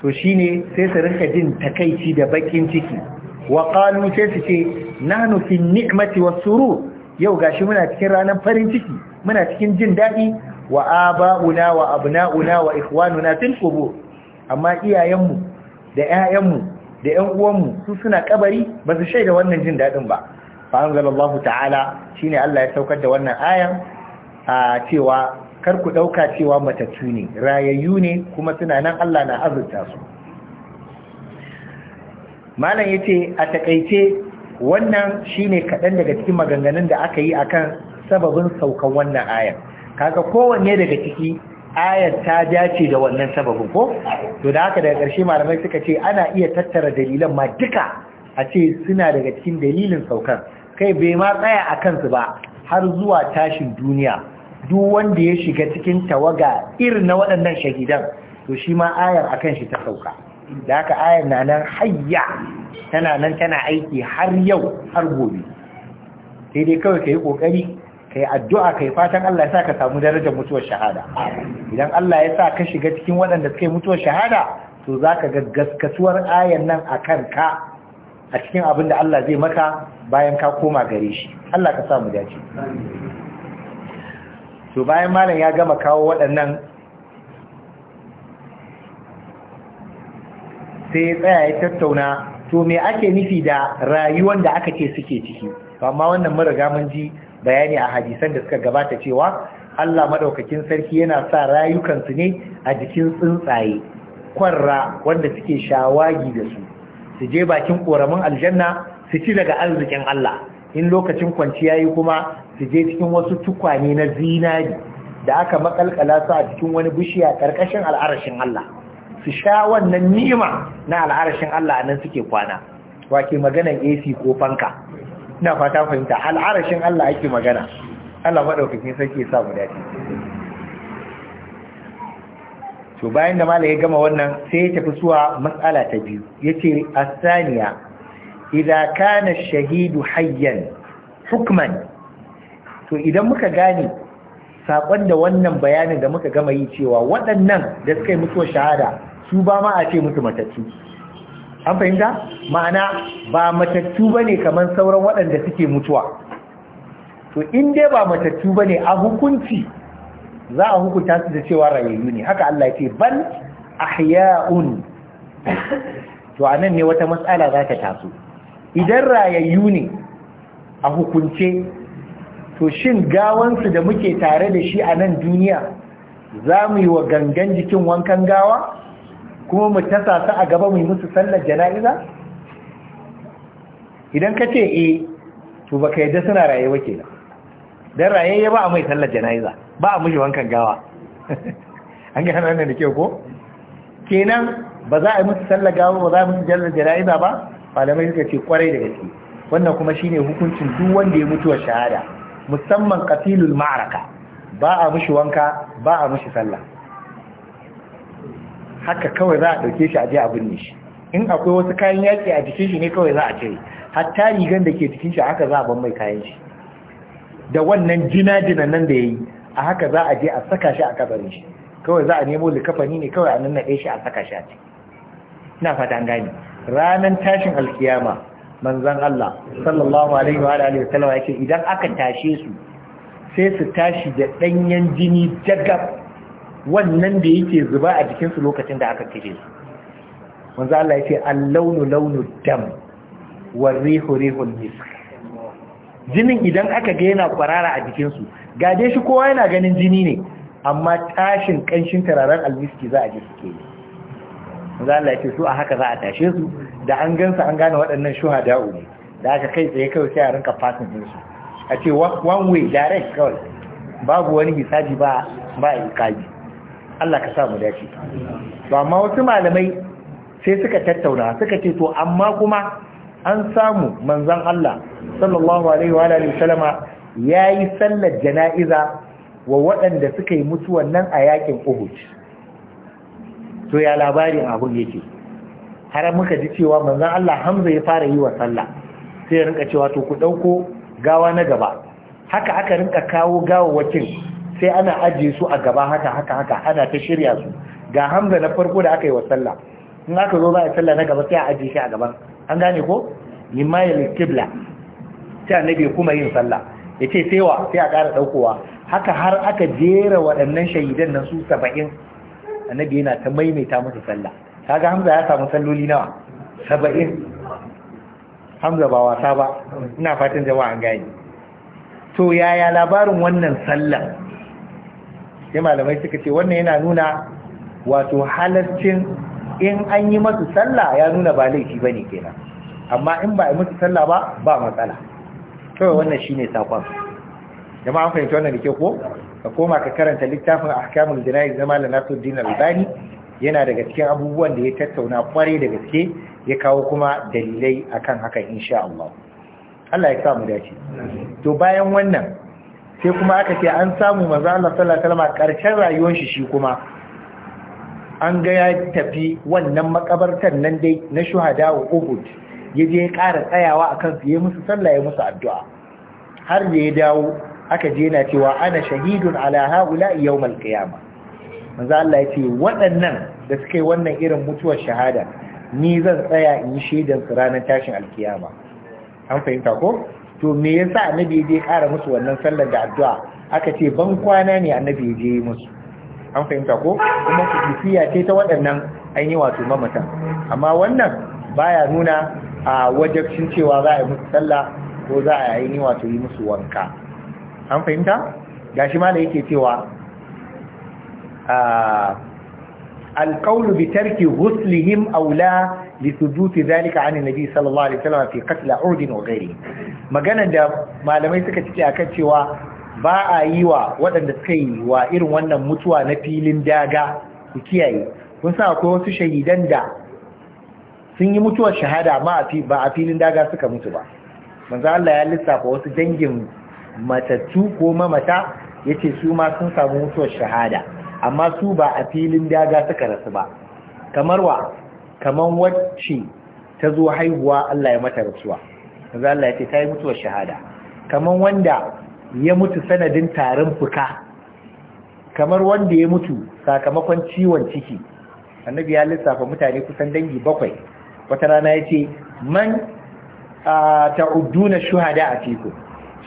to shine sai su rinka jin takaici da bakin ciki wa qalu sai su ce nanu fi ni'mati was surur yau gashi muna cikin ranar farin ciki muna cikin jin dadi wa aba'una wa abna'una wa ikhwanuna fil qubur amma iyayenmu da ƴaƴanmu da ƴan uwanmu su suna kabari ba su shaida wannan jin dadin ba fa anzalallahu ta'ala shine Allah ya saukar da wannan ayan a cewa kar ku dauka cewa matattu ne rayayyu ne kuma suna nan Allah na azurta su malam yace a takaice wannan shine kadan daga cikin maganganun da aka yi akan sababin saukan wannan ayan kaga kowanne daga ciki ayar ta dace da wannan sababin ko to da haka daga ƙarshe malamai suka ce ana iya tattara dalilan ma duka a ce suna daga cikin dalilin saukan. kai bai ma tsaya a kansu ba har zuwa tashin duniya duk wanda ya shiga cikin tawaga irin na waɗannan shahidan to shi ma ayar akan shi ta sauka da haka ayar na nan hayya tana nan tana aiki har yau har gobe sai dai kawai ka yi ƙoƙari kai addu'a kai fatan Allah ya sa ka samu darajar mutuwar shahada idan Allah ya sa ka shiga cikin waɗanda suka yi mutuwar shahada to zaka ga gaskatuwar ayan nan akan ka a cikin abin da Allah zai maka bayan ka koma gare shi Allah ka samu dace to bayan malam ya gama kawo waɗannan sai ya tsaya ya tattauna to me ake nufi da rayuwar da aka ce suke ciki amma wannan mun riga mun ji bayani a hadisan da suka gabata cewa Allah madaukakin sarki yana sa rayukansu ne a jikin tsuntsaye kwarra wanda suke shawagi da su su je bakin koramin aljanna su ci daga arzikin Allah in lokacin kwanciya yi kuma su je cikin wasu tukwane na zinari da aka makalkala su a cikin wani bishiya karkashin al'arashin Allah su sha wannan nima na al'arashin Allah nan suke kwana wake maganar AC ko fanka ina fata fahimta al'arashin Allah ake magana Allah maɗaukacin sarki sa guda ce to bayan da malam ya gama wannan sai ya tafi zuwa matsala ta biyu yace ce saniya idza kana shahidu hayyan hukman to idan muka gane saƙon da wannan bayanin da muka gama yi cewa waɗannan da suka yi mutuwa shahada su ba ma a ce musu matattu an fahimta ma'ana ba matattu bane kamar sauran waɗanda suke mutuwa to in dai ba matattu bane a hukunci za a hukunta su da cewa rayayyu ne haka Allah ya ce bal ahya'un to a nan ne wata matsala za ta taso idan rayayyu ne a hukunce to shin gawansu da muke tare da shi a nan duniya za mu yi wa gangan jikin wankan gawa kuma mu tasa su a gaba mu musu sallar jana'iza idan ka ce e, to baka yadda suna rayuwa kenan dan rayayye ba a mai sallar jana'iza ba a mushi wankan gawa an ga hannun da ke ko kenan ba za a yi musu sallar gawa ba za a musu jallar jana'iza ba malamai suka ce kwarai da gaske wannan kuma shi ne hukuncin duk wanda ya mutuwa shahada musamman qatilul ma'araka ba a mushi wanka ba a mushi sallah haka kawai za a ɗauke shi a je a binne shi in akwai wasu kayan yaƙi a jikin shi ne kawai za a cire hatta rigan da ke jikin shi haka za a ban mai kayan shi da wannan jina-jina nan da ya yi a haka za a je a saka shi a kabarin shi kawai za a nemo likafani ne kawai a nan naɗe shi a saka shi a ciki ina fata an gane Ranan tashin alkiyama manzon Allah sallallahu alaihi wa alihi wasallam yake idan aka tashe su sai su tashi da danyen jini jagab wannan da yake zuba a jikinsu lokacin da aka kashe su manzo Allah ya ce al-launu launu dam wa rihu rihul misk jinin idan aka ga yana kwarara a jikinsu gade shi kowa yana ganin jini ne amma tashin kanshin tararen almiski za a ji suke yi manzo Allah ya ce su a haka za a tashe su da an gansa an gane waɗannan shuhada ne da aka kai tsaye kawai sai a rinka fasin su a ce one way direct kawai babu wani hisabi ba ba a yi kaji Allah ka sa dace to amma wasu malamai sai suka tattauna suka ce to amma kuma an samu manzon Allah sallallahu alaihi wa alihi sallama yayi sallar jana'iza wa waɗanda suka yi mutuwan nan a yakin Uhud to ya labarin abu yake har muka ji cewa manzon Allah Hamza ya fara yi wa sallah sai ya rinka cewa to ku dauko gawa na gaba haka aka rinka kawo wacin sai ana ajiye su a gaba haka haka haka ana ta shirya su ga hamza na farko da aka yi wa sallah in aka zo za a sallah na gaba sai a ajiye shi a gaban an gane ko limayil kibla sai annabi kuma yin sallah yace sai wa sai a ƙara daukowa haka har aka jera waɗannan shahidan nan su 70 annabi yana ta maimaita musu sallah kaga hamza ya samu salloli nawa 70 hamza ba wasa ba ina fatan jama'a an gane to yaya labarin wannan sallah sai malamai suka ce wannan yana nuna wato halarcin in an yi masu sallah ya nuna ba laifi ba ne kenan amma in ba a yi masu sallah ba ba matsala kawai wannan shi ne sakon jama'a an fahimci wannan da ke ko ka koma ka karanta littafin ahkamul zama na nasu dinar Albani yana daga cikin abubuwan da ya tattauna kwarai da gaske ya kawo kuma dalilai akan hakan insha Allah Allah ya sa mu dace to bayan wannan sai kuma aka ce an samu maza Allah sallallahu alaihi karshen rayuwar shi shi kuma an ga ya tafi wannan makabartar nan dai na shuhada wa Uhud ya je ya ƙara tsayawa akan su ya musu sallah ya musu addu'a har da ya dawo aka je yana cewa ana shahidun ala haula yawmal qiyama maza Allah ya waɗannan da suka yi wannan irin mutuwar shahada ni zan tsaya in yi shaidan ranar tashin alkiyama an fahimta ko to me yasa annabi ya je kara musu wannan sallar da addu'a aka ce ban kwana ne annabi ya je musu an fahimta ko kuma kifiya ce ta waɗannan an yi wato mamatan amma wannan baya nuna a wajabcin cewa za a yi musu sallah ko za a yi wato yi musu wanka an fahimta gashi ma da yake cewa alƙaunu bi tarki ghuslihim la لثبوت ذلك عن النبي صلى الله عليه وسلم في قتل عود وغيره magana da malamai suka cike akan cewa ba a yi wa waɗanda suka yi wa irin wannan mutuwa na filin daga ku kiyaye kun sa akwai wasu shahidan da sun yi mutuwar shahada ma ba a filin daga suka mutu ba manzo Allah ya lissafa wasu dangin matattu ko mamata yace su ma sun samu mutuwar shahada amma su ba a filin daga suka rasu ba kamar wa kaman wacce ta zo haihuwa Allah ya mata rasuwa kaza Allah ya ce ta yi mutuwar shahada kaman wanda ya mutu sanadin tarin fuka kamar wanda ya mutu sakamakon ciwon ciki annabi ya lissafa mutane kusan dangi bakwai wata rana ya ce man ta'udduna shuhada a teku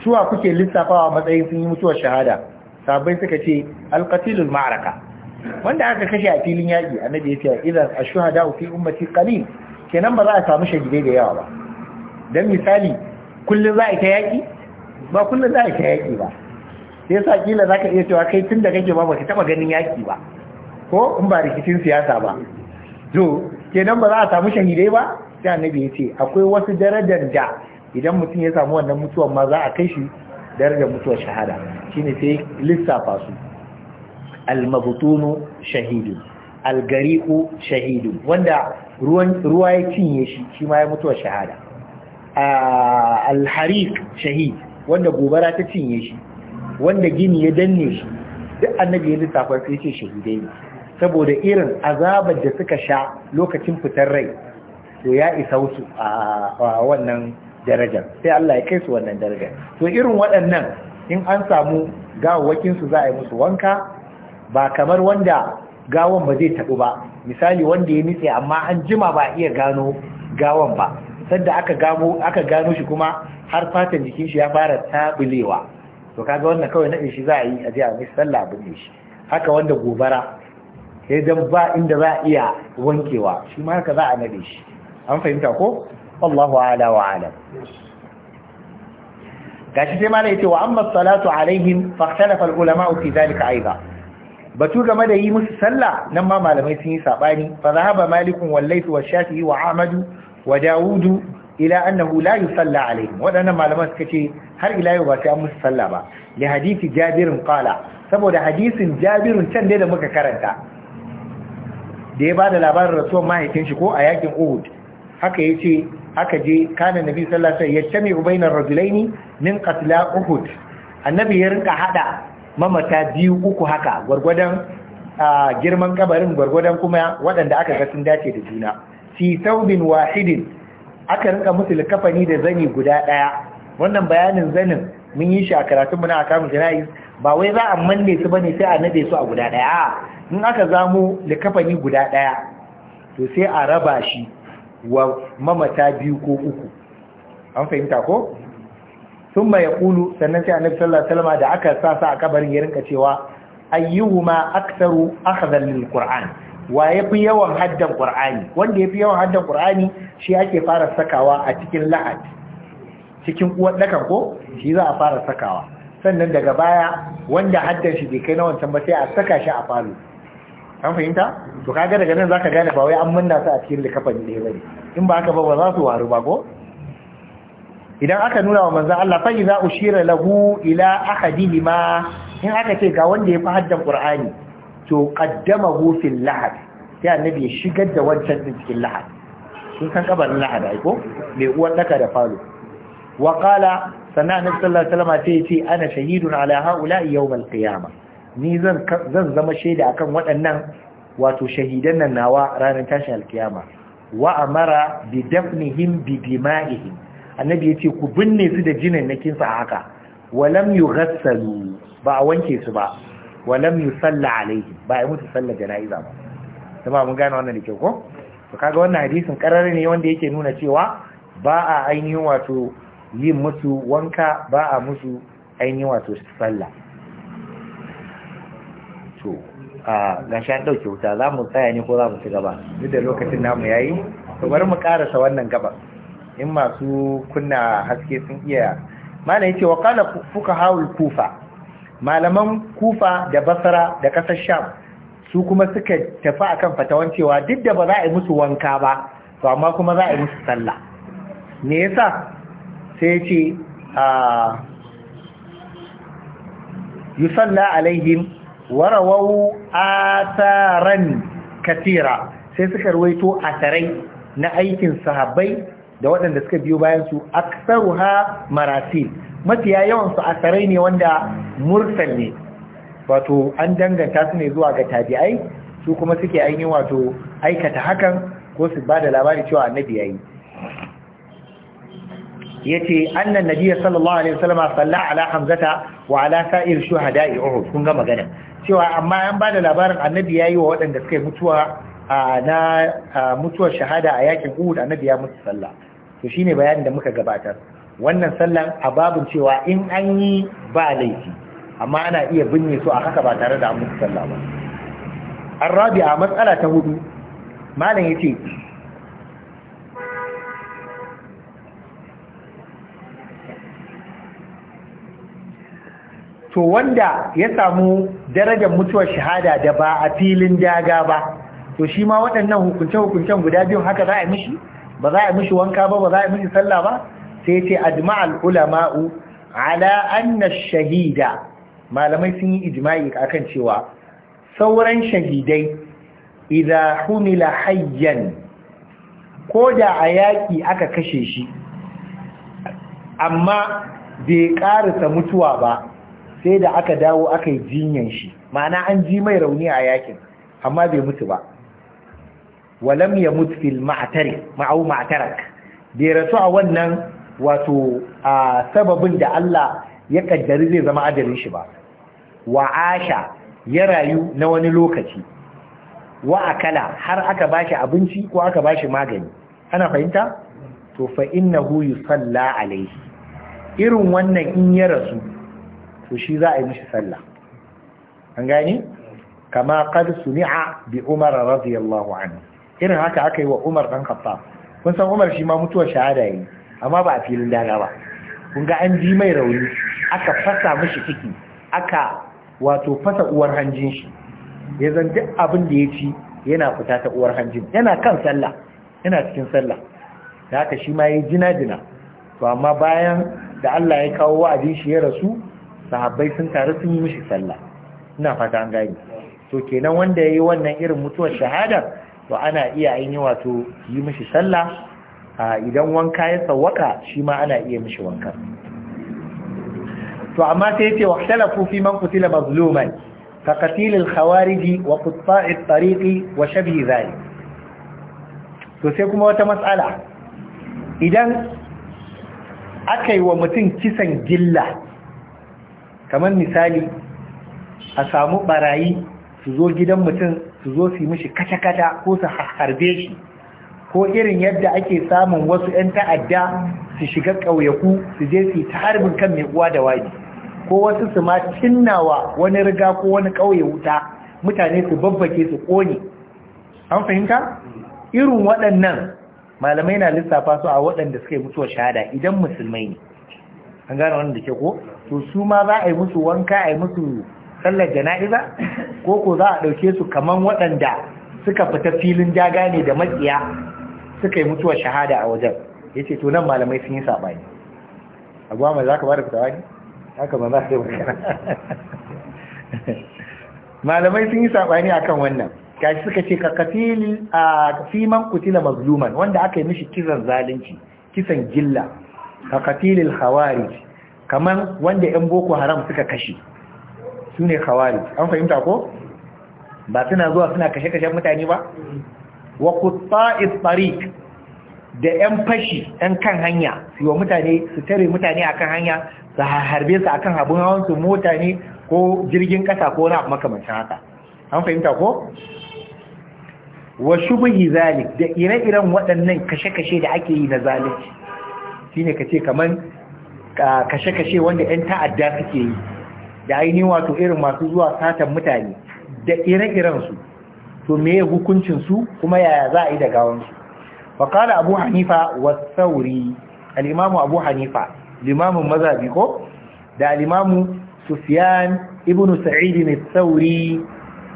suwa kuke lissafawa matsayin sun yi mutuwar shahada sabai suka ce alkatilul ma'araka wanda aka kashe a filin yaƙi annabi ya ce idan ashuhada fi ummati qalil kenan ba za a samu shahidai da yawa ba dan misali kullun za a ta yaƙi ba kullun za a ta yaƙi ba sai yasa kila zaka iya cewa kai tunda kake ba baka taba ganin yaƙi ba ko in ba rikicin siyasa ba to kenan ba za a samu shahidai ba sai annabi ya ce akwai wasu darajar da idan mutum ya samu wannan mutuwan ma za a kai shi darajar mutuwar shahada shine sai lissafa su almabutunu shahidu, algariku shahidu, wanda ruwa ya cinye shi shi ma ya mutuwa shahada alharik shahid wanda gobara ta cinye shi wanda gini ya danne shi duk annabi ya lissafa sai ce shahidai ne saboda irin azabar da suka sha lokacin fitar rai to ya isa wasu a wannan darajar sai Allah ya kai su wannan darajar to irin waɗannan in an samu gawawakin za a yi musu wanka ba kamar wanda gawan ba zai taɓu ba misali wanda ya nitse amma an jima ba iya gano gawan ba sanda aka gano aka gano shi kuma har fatan jikin shi ya fara tabulewa to kaga wannan kawai na shi za a yi a je a mai sallah shi haka wanda gobara sai dan ba inda za a iya wankewa shi ma haka za a nade shi an fahimta ko Allahu ala wa alam gashi sai malai yace wa amma salatu alaihim fa ikhtalafa al ulama fi dhalika aidan batu game da yi musu sallah nan ma malamai sun yi sabani fa zahaba malikun wallahi wa shafi'i wa ahmadu wa daudu ila annahu la yusalla alaihim wadannan malaman suka ce har ila yau ba sai an musu sallah ba li hadisi jabirin qala saboda hadisin jabirin can da muka karanta da ya bada labarin rasuwan mahaifin shi ko a yakin Uhud haka yace haka je kana nabi sallallahu alaihi wasallam yattami bainar rajulaini min qatla Uhud annabi ya rinka hada mamata biyu uku haka gwargwadon girman kabarin gwargwadon kuma waɗanda aka ga sun dace da juna fi saubin wahidin aka rinka musu likafani da zani guda ɗaya wannan bayanin zanin mun yi shi a karatun mu a kamun jira'i ba wai za a manne su ba ne, sai a nade su a guda ɗaya in aka zamo likafani guda ɗaya to sai a raba shi wa mamata biyu ko uku an fahimta ko ya yaqulu sannan sai annabi sallallahu alaihi wasallam da aka sa sa a kabarin ya rinka cewa ayyuhuma aktharu akhdhan lil qur'an wa yafi yawan haddan qur'ani wanda yafi yawan haddan qur'ani shi ake fara sakawa a cikin la'ad cikin uwar dakan ko shi za a fara sakawa sannan daga baya wanda haddan shi bai kai na wancan ba sai a saka shi a falo an fahimta to kaga daga nan zaka gane ba wai an munna su a cikin likafan ɗaya bane in ba haka ba ba za su waru ba ko idan aka nuna wa manzan Allah fa iza ushira lahu ila ma. in aka ce ga wanda ya fi haddan Kur'ani to kaddama hufin lahad sai annabi ya shigar da wancan din cikin lahad sun san kabarin lahad ai mai uwan daka da falo wa qala sannan annabi sallallahu alaihi wasallam sai ya ce ana shahidun ala haula'i yawm al ni zan zan zama shaida akan waɗannan wato shahidan nan nawa ranar tashin alkiyama wa amara bi dafnihim bi dima'ihim annabi ya ce ku binne su da jinannakin sa haka walam yughassalu ba a wanke su ba walam yusalla alaihi ba yi mutu sallar jana'iza ba kuma mun gane wannan da ke ko to kaga wannan hadisin karar ne wanda yake nuna cewa ba a ainihin wato yin musu wanka ba a musu ainihin wato sallah to a gashi an dauke wuta za mu tsaya ne ko za mu ci gaba duk da lokacin namu yayi to bari mu karasa wannan gaba in masu kunna haske sun iya mana ce wa fuka hawul kufa malaman kufa da basara da kasar sham su kuma suka tafi akan fatawan cewa duk da ba za a yi musu wanka ba to amma kuma za a yi musu sallah me yasa sai yace a yusalla alaihim warawau ataran katira sai suka ruwaito asarai na aikin sahabbai da waɗanda suka biyo bayan su ha marasil mafiya yawan su asarai ne wanda mursal ne wato an danganta su ne zuwa ga tabi'ai su kuma suke ainihin wato aikata hakan ko su ba da labari cewa annabi yayi yace annan nabi sallallahu alaihi wasallam salla ala hamzata wa ala sa'ir shuhada'i uhud kun ga magana cewa amma an ba da labarin annabi yayi wa waɗanda suka mutuwa na mutuwar shahada a yakin uhud annabi ya mutu sallah to shine bayanin da muka gabatar wannan sallan a babin cewa in an yi ba laifi amma ana iya binne su a haka ba tare da an sallah ba a matsala ta hudu malam yace to wanda ya samu darajar mutuwar shahada da ba a filin daga ba to shi ma waɗannan hukunce-hukuncen guda biyun haka za a mishi ba za a yi mishi wanka ba ba za a yi mishi sallah ba sai ce ajma'al ulama'u ala anna shahida malamai sun yi ijma'i akan cewa sauran shahidai idza humila hayyan ko da a yaƙi aka kashe shi amma bai ƙarasa mutuwa ba sai da aka dawo aka yi jinyan shi ma'ana an ji mai rauni a yakin amma bai mutu ba walam ya mutu ma'atari ma'au ma'atarak bai rasu a wannan wato a sababin da Allah ya kaddari zai zama ajalin shi ba wa asha ya rayu na wani lokaci wa akala har aka bashi abinci ko aka bashi magani ana fahimta to fa innahu yusalla alaihi irin wannan in ya rasu to shi za a yi mishi sallah an gane kama qad suni'a bi umar radiyallahu anhu irin haka aka yi wa Umar dan kafa kun san Umar shi ma mutuwar shahada yi amma ba a filin dana ba kun ga an ji mai rauni aka fasa mashi ciki aka wato fasa uwar hanjin shi ya zan duk abin da ya ci yana fita ta uwar hanjin yana kan sallah yana cikin sallah da haka shi ma ya yi jina jina to amma bayan da Allah ya kawo wa'adin shi ya rasu sahabbai sun taru sun yi mishi sallah ina fata an gani to kenan wanda ya yi wannan irin mutuwar shahada to ana iya ainihin wato yi mishi sallah idan wanka ya sawwaka shi ma ana iya mishi wanka to amma sai yace wa khalafu fi man qutila mazluman ka katilin al wa qutta' al wa shabi to sai kuma wata matsala idan aka yi wa mutum kisan gilla kamar misali a samu barayi su zo gidan mutum su zo su yi mishi kata-kata ko su harbe shi ko irin yadda ake samun wasu 'yan ta'adda su shiga ƙauyaku su je su ta harbin kan mai uwa da waje, ko wasu su ma cinnawa wani riga ko wani ƙauye wuta mutane su babbake su ƙone an fahimta irin waɗannan malamai na lissafa su a waɗanda suka yi mutuwar shahada idan musulmai ne an gane wannan da ke ko to su ma za a yi musu wanka a yi musu sallar jana'iza ko ko za a ɗauke su kaman waɗanda suka fita filin jaga ne da matsiya suka yi mutuwar shahada a wajen ya ce tunan malamai sun yi saɓani a guwa za ka ba da fitawa ne haka ba za su yi magana malamai sun yi saɓani a kan wannan gashi suka ce ka kafili a fiman kutila mazluman wanda aka yi mishi kisan zalunci kisan gilla ka kafilil hawari kamar wanda 'yan boko haram suka kashe su ne khawarij an fahimta ko ba suna zuwa suna kashe-kashe mutane ba wa qutta'it tariq da yan fashi yan kan hanya su yi mutane su tare mutane akan hanya su harbe su akan abun hawan su mutane ko jirgin kasa ko na makamancin haka an fahimta ko wa shubhi zalik da ire-iren waɗannan kashe-kashe da ake yi na zalunci shine kace kaman kashe-kashe wanda yan ta'adda suke yi da ainihin wato irin masu zuwa satan mutane da ire-iren su to me hukuncin su kuma yaya za a yi da gawansu? su fa abu hanifa wa thawri al abu hanifa limamin mazabi ko da al-imamu sufyan Ibnu sa'id al sauri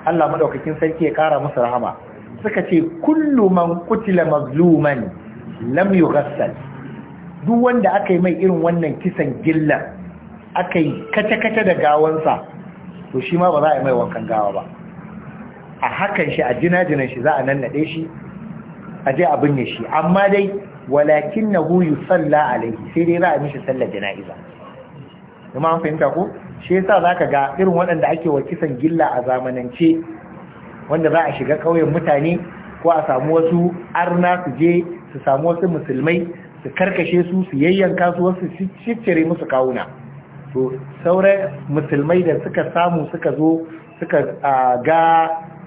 Allah madaukakin sarki ya kara masa rahama suka ce kullu man qutila mazluman lam yughassal duk wanda aka yi mai irin wannan kisan gillan. aka yi kace-kace da gawansa to shi ma ba za a yi mai wankan gawa ba a hakan shi a jinajinan shi za a nannaɗe shi a je a binne shi amma dai walakin na huyu salla alaihi sai dai za a mishi sallar jana'iza kuma an fahimta ko shi yasa za ka ga irin waɗanda ake wa kisan gilla a zamanance wanda za a shiga ƙauyen mutane ko a samu wasu arna su je su samu wasu musulmai su karkashe su su yayyanka su wasu shiccire musu kawuna to sauran musulmai da suka samu suka zo suka ga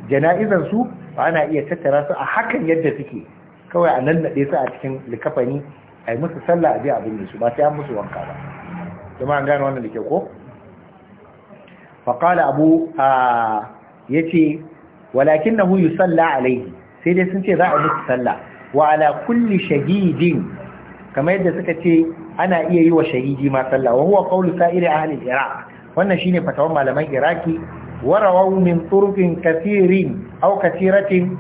jana'izansu, su ana iya tattara su a hakan yadda suke kawai a nannaɗe su a cikin likafani a yi musu sallah a je abin su ba sai an musu wanka ba kuma an gane wannan da ke ko faƙala abu ya ce walakin na huyu sallah alaihi sai dai sun ce za a musu sallah wa ala kulli shahidin kamar yadda suka ce ana iya yi wa shahidi ma sallah wa huwa qawlu sa'iri ahli iraq wannan shine fatawan malaman iraki wa rawu min turuqin kathirin aw kathiratin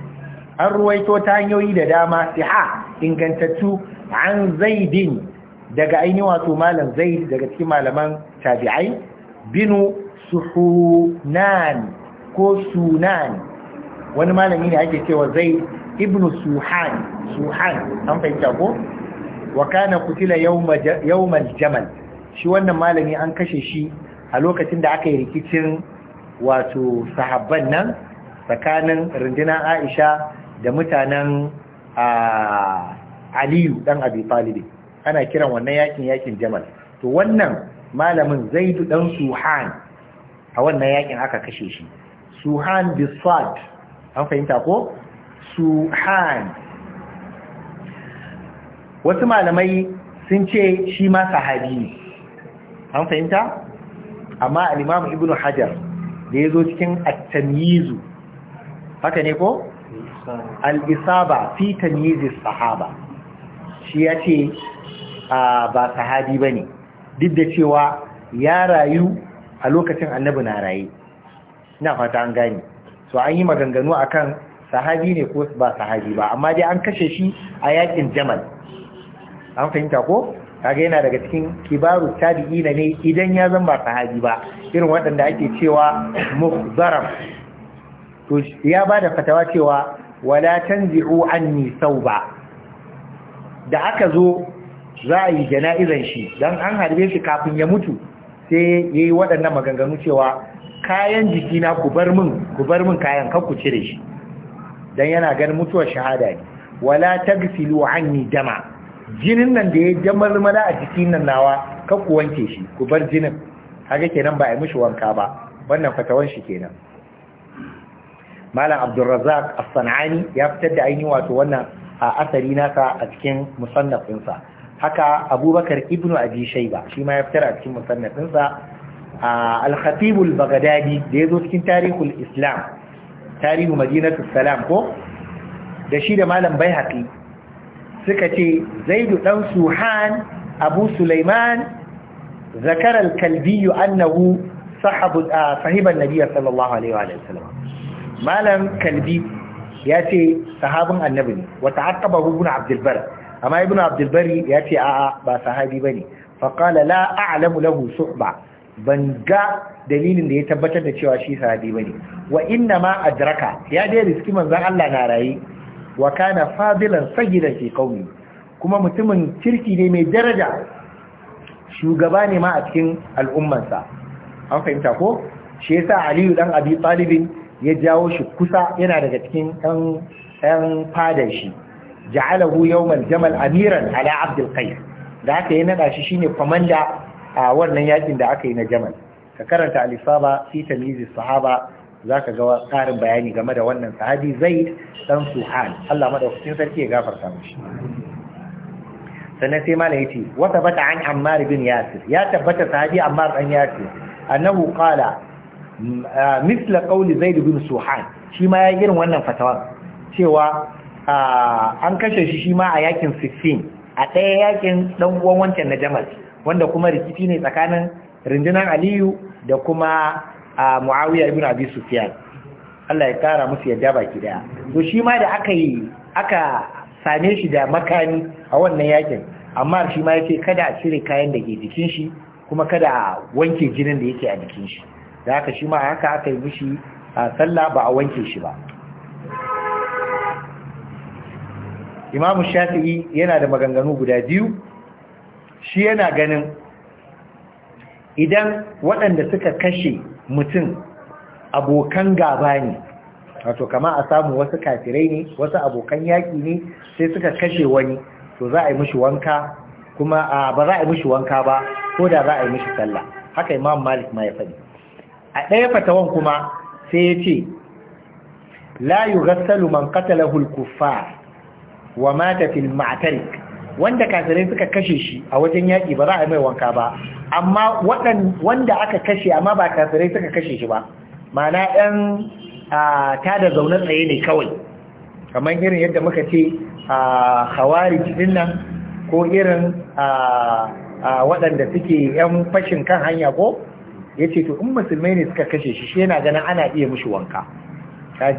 an ruwaito ta hanyoyi da dama siha ingantattu an zaidin daga aini wato malam zaid daga cikin malaman tabi'ai binu suhunan ko sunan wani malami ne ake cewa zaid ibnu suhan suhan an fahimta ko wa kana kutila yawmal jamal shi wannan malami an kashe shi a lokacin da aka yi rikicin wato sahabban nan tsakanin rundunar Aisha da mutanen Aliyu dan Abi Talib ana kiran wannan yakin yakin Jamal to wannan malamin Zaid dan Suhan a wannan yakin aka kashe shi Suhan bisad an fahimta ko Suhan wasu malamai sun ce shi ma sahabi ne an fahimta amma al-imam ibnu hajar da yazo cikin at haka ne ko al-isaba fi tamyiz as-sahaba shi yace ba sahabi bane duk da cewa ya rayu a lokacin annabi na raye ina fata an gane so an yi maganganu akan sahabi ne ko ba sahabi ba amma dai an kashe shi a yakin jamal an fahimta ko kaga yana daga cikin kibaru tabi'ina ne idan ya zan ba sahabi ba irin waɗanda ake cewa muhzaram to ya bada fatawa cewa wala tanzi'u anni sauba da aka zo za a yi jana'izan shi dan an harbe shi kafin ya mutu sai yayi waɗannan maganganu cewa kayan jikina ku bar min ku bar min kayan kar ku cire shi dan yana ganin mutuwar shahada ne wala tagsilu anni dama jinin nan da ya mana a jikin nan nawa ka ku wanke shi ku bar jinin haka kenan ba a yi mishi wanka ba wannan fatawan shi kenan malam abdulrazak as-sanani ya fitar da ainihin wato wannan a asari nasa a cikin musannafinsa haka abubakar ibnu abi shaiba shi ma ya fitar a cikin musannafinsa al-khatib al-baghdadi da yazo cikin tarihul islam tarihu madinatu salam ko da shi da malam baihaqi suka ce zaidu dan suhan abu Suleiman Zakarar al annahu sahabu sahiban Nabiya sallallahu alaihi wa sallam malam kalbi ya ce sahabin annabi ne wata ta'aqqabahu ibn abdul amma ibn abdul ya ce a'a ba sahabi bane ne qala la a'lamu lahu ba ban ga dalilin da ya tabbatar da cewa shi sahabi bane wa inna ma adraka ya dai riski manzon Allah na rayi wa kana fadilan sagida fi qaumi kuma mutumin kirki ne mai daraja shugaba ne ma a cikin al'ummansa an fahimta ko shi yasa aliyu dan abi talibin ya jawo shi kusa yana daga cikin ɗan ɗan fadar shi ja'alahu yawmal jamal amiran ala abdul da aka yi nada shi shine kwamanda a wannan yakin da aka yi na jamal ka karanta al-isaba fi tamyiz sahaba za ka ga ƙarin bayani game da wannan sahabi zai dan suhan Allah madaukakin sarki ya gafarta mishi sannan sai malai yace wa tabata an ammar bin yasir ya tabbata sahabi ammar dan yasir annahu qala misla qawli zaid bin suhan shi ma ya irin wannan fatawa cewa an kashe shi shi ma a yakin 16 a ɗaya yakin ɗan uwan wancan na jamal wanda kuma rikici ne tsakanin rundunar aliyu da kuma a muawiya ibn abi sufyan Allah ya kara musu yadda baki daya to shi ma da aka yi aka same shi da makani a wannan yakin amma shi ma yace kada a cire kayan da ke jikin shi kuma kada a wanke jinin da yake a jikin shi da haka shi ma haka aka yi mishi a sallah ba a wanke shi ba Imam shafi'i yana da maganganu guda biyu shi yana ganin idan waɗanda suka kashe mutum abokan gaba ne wato kama a samu wasu kafirai ne wasu abokan yaƙi ne sai suka kashe wani to za a yi mishi wanka kuma ba za a yi mishi wanka ba ko da za a yi mishi sallah haka imam malik ma ya faɗi a ɗaya fatawan kuma sai ya ce la yughassalu man qatalahu al-kuffar wa mata fil ma'tarik wanda kafirai suka kashe shi a wajen yaƙi ba za a mai wanka ba amma wanda aka kashe amma ba kafirai suka kashe shi ba mana ɗan ta da zaune tsaye ne kawai kamar irin yadda muka ce a hawari cikin nan ko irin waɗanda suke yan fashin kan hanya ko ya ce to in musulmai ne suka kashe shi shi yana ganin ana iya mushi wanka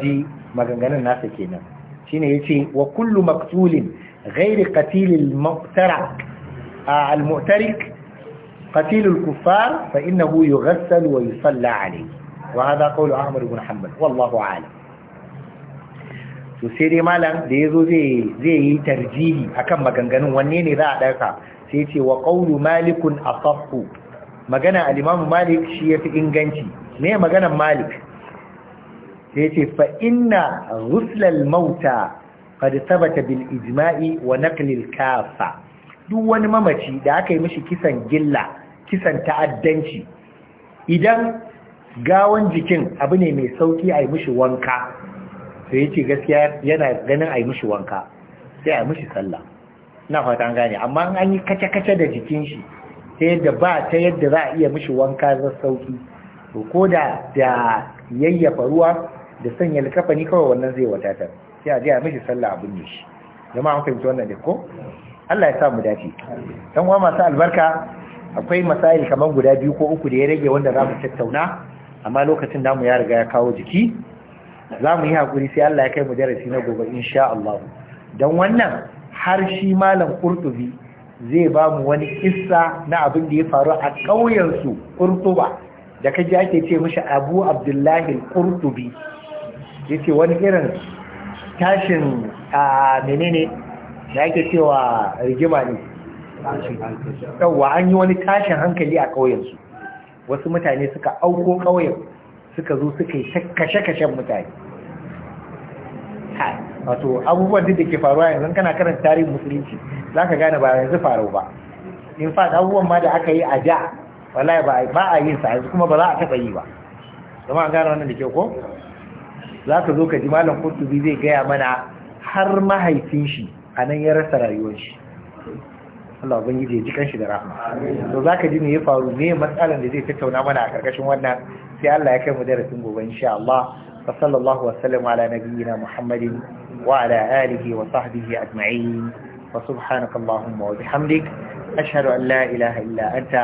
ji maganganun nasa kenan shine ya ce wa kullu maktulin غير قتيل المؤترك آه، المؤترك قتيل الكفار فإنه يغسل ويصلى عليه وهذا قول أحمد بن حمد والله أعلم سيدي مالا ديزو زي زي ترجيه أكم مغنغن ونين ذا دكا سيدي وقول مالك أصف ما مغنى الإمام مالك شيئ في إنغنشي مين مغنى مالك سيدي فإن غسل الموتى qad sabata bil ijma'i wa naqlil kafa duk wani mamaci da aka yi mishi kisan gilla kisan ta'addanci idan gawan jikin abu ne mai sauki a yi mishi wanka to yace gaskiya yana ganin a yi mishi wanka sai a yi mishi sallah ina fatan an gane amma an yi kace-kace da jikin shi ta yadda ba ta yadda za a iya mishi wanka za sauki to ko da da yayyafa ruwa da sanya likafani kawai wannan zai wadatar sai a a mishi sallah abin ne shi jama'a an fahimci wannan ne ko Allah ya sa mu dace dan uwa masu albarka akwai masayi kamar guda biyu ko uku da ya rage wanda za mu tattauna amma lokacin namu ya riga ya kawo jiki za mu yi hakuri sai Allah ya kai mu darasi na gobe insha Allah dan wannan har shi malam Qurtubi zai ba mu wani kissa na abin da ya faru a ƙauyen su Qurtuba da kaji ake ce mishi Abu Abdullahi Qurtubi yace wani irin tashin a menene da yake cewa rigima ne yauwa an yi wani tashin hankali a ƙauyensu wasu mutane suka auko ƙauyen suka zo suka yi kashe-kashen mutane wato abubuwan da ke faruwa yanzu kana karanta tarihin musulunci za ka gane ba yanzu faru ba in fata abubuwan ma da aka yi a da wala ba a yin sa yanzu kuma ba za a taɓa yi ba zama an gane wannan da ke ko za ka zo ka ji malam kurtubi zai gaya mana har mahaifin shi a nan ya rasa rayuwar shi Allah ubangiji ji kanshi da rahma to za ka ji me ya faru ne matsalan da zai tattauna mana a karkashin wannan sai Allah ya kai mu darasin gobe insha Allah wa sallallahu wa sallam ala nabiyyina Muhammadin wa ala alihi wa sahbihi ajma'in wa subhanakallahumma wa bihamdik ashhadu an la ilaha illa anta